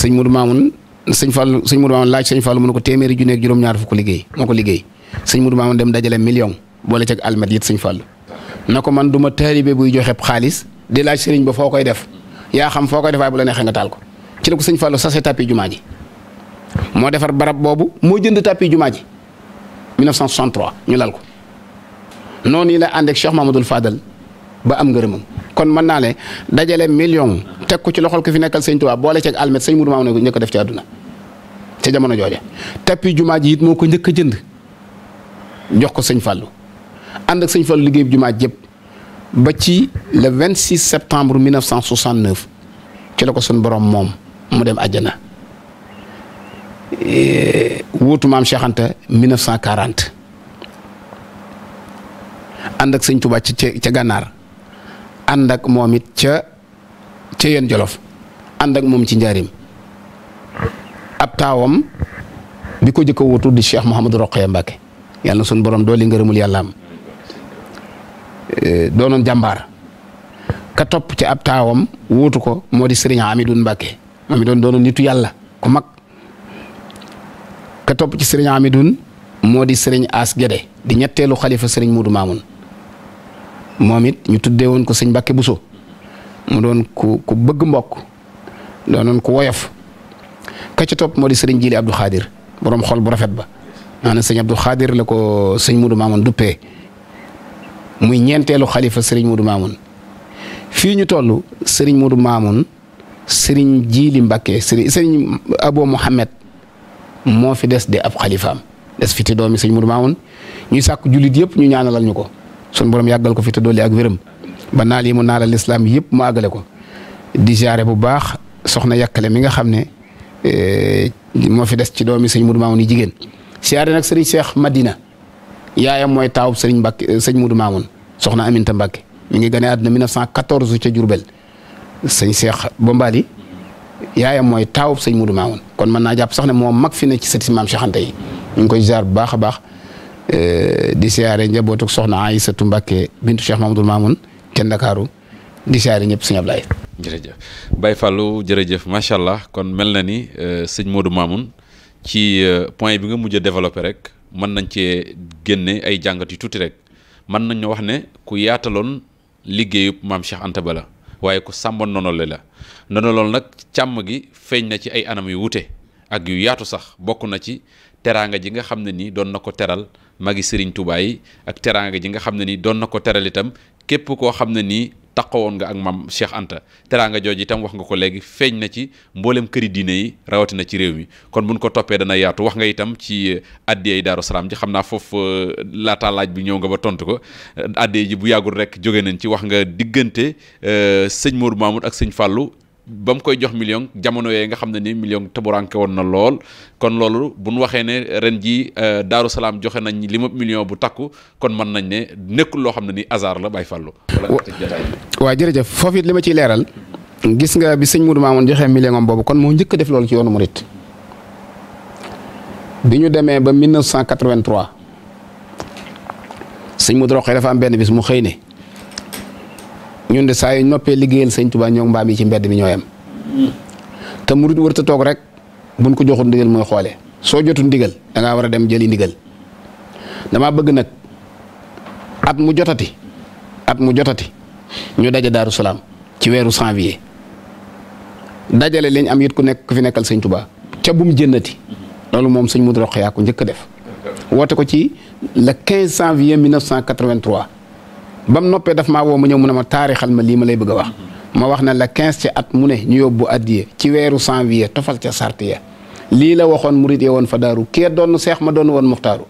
sëñ Modou Mamoun sëñ Fall sëñ Modou Mamoun laaj sëñ Fall mu na ko téeméeri junneeg juróom-ñaar fu ko liggéey moo ko liggéey sëñ Modou Mamoun dem dajale million boole ceeg almet yit sëñ Fall na ko man du ma taalibe buy joxe xaalis di laaj sëriñ ba foo koy def yaa xam foo koy def waaye bu la neexee nga taal ko ci la ko sëñ Fall sase tapis jumaa ji moo defar barab boobu moo jënd tapis jumaa ji ñu lal ko noonu la ànd ak Cheikh Mamadou Fadal ba am nga ngërëmam kon mën naa ne dajale million teg ko ci loxol ko fi nekkal sëñ Tuubaa boole ceeg almet sëñ Mudu Maamun ne ko njëkk def ci àdduna ca jamono jooje tappi jumaa ji it moo ko njëkk a jënd jox ko sëñ Fallou ànd ak sëñ Fallou liggéey jumaa jëpp ba ci le 26 septembre 1969 ci la ko suñ borom moom mu dem àjjana e, wuutu maam Cheikh Anta ànd ak sëñ Tuubaa ca ca gànnaar. ànd moom it ca ca yéen jolof ànd moom ci njaarim ab taawam bi ko jëkka wutu di Cheikh Mouhamadou Rokhaya Mbacké yàlla na sunu borom doole ngërëmul yàllaam eh, doonoon jàmbaar ka topp ci ab taawam wuutu ko moo di Serigne Amidoune Mbacké moom it doon doonoon nitu yàlla ko mag ka topp ci Serigne Amidoune moo di Serigne As Guédé di ñetteelu xalifa Serigne Moudou Mamoun. moom it ñu tuddee woon ko sëñ bu so mu doon ku ku bëgg mbokk doonoon ku woyof ka ca topp moo di sëriñ Jili Abdou Khadir boroom xol bu rafet ba maanaam sëñ Abdou Khadir la ko sëñ Moudou Mamoun duppee muy ñeenteelu xalifa sëriñ Moudou Mamoun fii ñu toll sëriñ Moudou Mamoun sëriñ Jili Mbàkke sëriñ sëriñ Abo moo fi des de ab xalifaam des fi te doomi sëñ Moudou Mamoun ñuy sàkk jullit yëpp ñu ñaanalal ñu ko. sun borom yàggal ko fi te dolli ak wéram ba naal yi mu naalal lislaam yëpp mu àggale ko di jaare bu baax soxna yàkkale mi nga xam ne eh, moo fi des ci doomi sëñ Mudu Maamun yi jigéen siyaare nag sëriñ Cheikh Madina yaayam mooy taawub sëriñ Mbàkke eh, sëñ Mudu Maamun soxna Aminta Mbàkke mi ngi gane àdduna 1914 ca Jurbel sëñ Cheikh Bombali yaayam mooy taawub sëñ Mudu Maamun kon mën naa jàpp sax ne moo mag fi ne ci sëti maam Cheikh Anta yi ñu ngi koy jar bu baax a baax Eh, di siyaare njabootuk soxna satu Mbàkke bintu Cheikh Mamadul Mamoun ca Ndakaaru di siyaare ñëpp sëñ Ablaye jërëjëf Baye Fallou jërëjëf macha allah kon mel na ni eh, sëñ Modou Mamoun ci eh, point bi nga mujj a développé rek mën nañ cee génne ay jàngat yu tuuti rek mën nañu wax ne ku yaataloon liggéeyub maam Cheikh Anta Ba la waaye ku sàmba nonole la nonoloon nag càmm gi feeñ na ci ay anam yu wute ak yu yaatu sax bokk na ci teraanga ji nga xam ne nii doon na ko teral magi Serigne Touba ak teraanga ji nga xam ne ni doon na ko teral itam képp koo xam ne nii woon nga ak maam Cheikh Anta teraanga jooju itam wax nga ko léegi feeñ na ci mbooleem këri diine yi rawatina ci réew mi kon buñ ko toppee dana yaatu wax nga itam ci addiyey Daaru Salaam ji xam naa foofu euh, laataa laaj bi ñëw nga ba tontu ko addiye ji bu yàggul rek jóge nañ ci wax nga diggante euh, sëñ Modou Mamoud ak sëñ fàllu ba mu koy jox million jamono yooyu nga xam ne ni million taburanke woon na lool kon loolu bu ñu waxee ne ren ji euh, Daaru Salaam joxe nañ li ma million bu takku kon mën nañ ne nekkul loo xam ne ni hasard la bay fallu waaw jërëjëf foofu it li ma ciy leeral gis nga bi sëñ Mourou Mamoun joxe million am boobu kon moo njëkk def loolu ci yoonu murit bi ñu demee ba 1983 sëñ Mourou Roqe dafa am benn bis mu xëy ne ñun de saa yi noppee liggéeyal sëñ Tuubaa ñoo mbaam yi ci mbedd mi ñoo yem te murit wërta toog rek buñ ko joxul ndigal mooy xoole soo jotu ndigal da war a dem jëli ndigal damaa bëgg nag at mu jotati at mu jotati ñu daje Daaru Salaam ci weeru janvier dajale liñ am yit ku nekk ku fi nekkal sëñ Tuubaa ca bum jënnati loolu moom sëñ Mudu Roxaya yaa ko njëkk a def woote ko ci le 15 janvier 1983 ba mu noppee daf ma woo ma ñëw mun ne ma taarixal ma lii ma lay bëgg a wax ma wax na la quinze ci at mu ne ñu yóbbu addiye ci weeru janvier tofal ca sart ya lii la waxoon mu murit ye woon fa daaru kee doon seex ma doon woon muxtaaru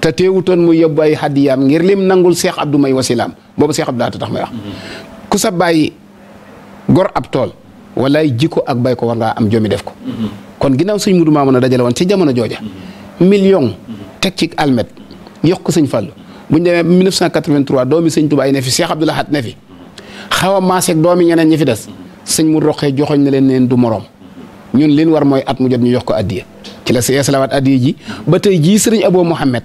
te teewutoon mu yóbbu ay hadiyaam ngir lim nangul seex abdu may wasilaam boobu seex abdu laata tax may wax ku sa bàyyi gor ab tool walaay jikko ak bay ko war ngaa am jomi def ko kon ginnaaw sëñ mudu maa mën a dajale ci jamono jooja million teg ci almet yokk ko sëñ bu ñu demee ba 1983 doomi sëñ Tuubaa yi ne fi Cheikh Abdoul Ahad ne fi xaw a doomi ñeneen ñi fi des sëñ mu roqee joxoñ na leen neen du moroom ñun liñ war mooy at mu jot ñu yox ko addiya ci la see salawaat addiya ji ba tey jii sëriñ Abo Mouhamed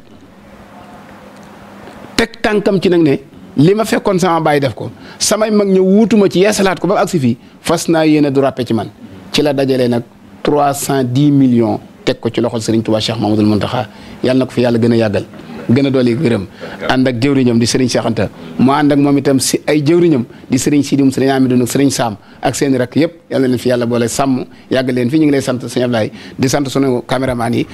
teg tànkam ci nag ne li ma fekkoon sama baay def ko samay mag ñëw wuutuma ci yeesalaat ko ba agsi fii fas naa yéene du ràppe ci man ci la dajalee nag trois cent dix million teg ko ci loxo sëriñ Tuubaa Cheikh Mamadul Muntaxa yàlla na ko fi yàlla gën a yàggal gën a doole gërëm ànd ak jëwriñam di sëriñ Cheikh Anta mu ànd ak moom itam si ay jëwriñam di sëriñ Sidi mu sëriñ Amidou ak sëriñ Sam ak seen rek rakk yëpp yal na leen fi yàlla boole sàmm yàgg leen fi ñu ngi lay sant sëñ Ablaye di sant sunu caméraman yi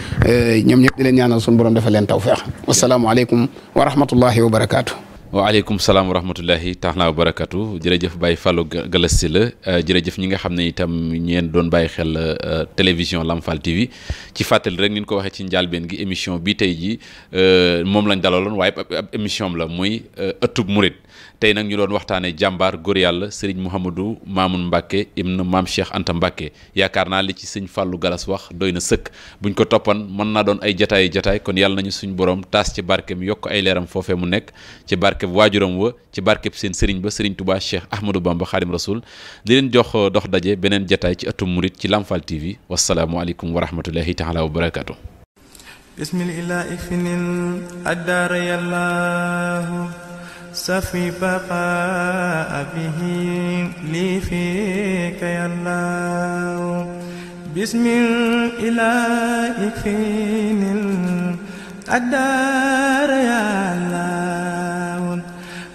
ñoom ñëpp di leen ñaanal sunu borom defal leen tawfeex wasalaamualeykum wa rahmatullahi wa barakaatu waaleykum salaam wa rahmatullahi taala wa barakatu jërëjëf Baye Fallou Gallass Syll la euh, jërëjëf ñi nga xam ne itam ñeen doon bàyyi xel euh, télévision Lamfal TV ci fàttali rek ni ko waxee ci njàlbeen gi émission bi tey ji euh, moom lañ loon waaye ab émission am la muy ëttub murit tey nag ñu doon waxtaanee jàmbaar góor yàlla sëriñ Mouhamadou Mamoun Mbacke ibn maam Cheikh Anta Mbacke yaakaar naa li ci sëñ Fallou Galas wax doy na sëkk buñ ko toppan mën naa doon ay jataay jataay kon yàlla nañu suñ borom taas ci barkeem yokk ay leeram foofee mu nekk ci barkeb waajuram wa ci barkeb seen sëriñ ba sëriñ Touba Cheikh Ahmadou Bamba Khadim Rasoul di leen jox euh, dox daje beneen jataay ci ëttum murit ci Lamfal TV wasalaamualeykum wa rahmatullahi taala wa barakatuh سفي بقاء به لي فيك يا الله بسم الإله يكفيني الدار يا الله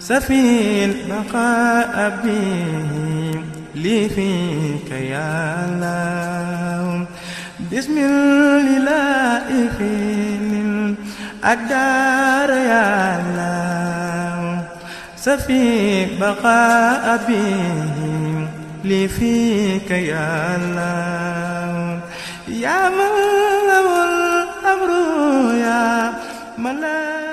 سفي البقاء به لي فيك يا الله بسم الإله يكفيني الدار يا الله سفيك بقاء أبيهم لي فيك يا الله يا من له الأمر يا ملاك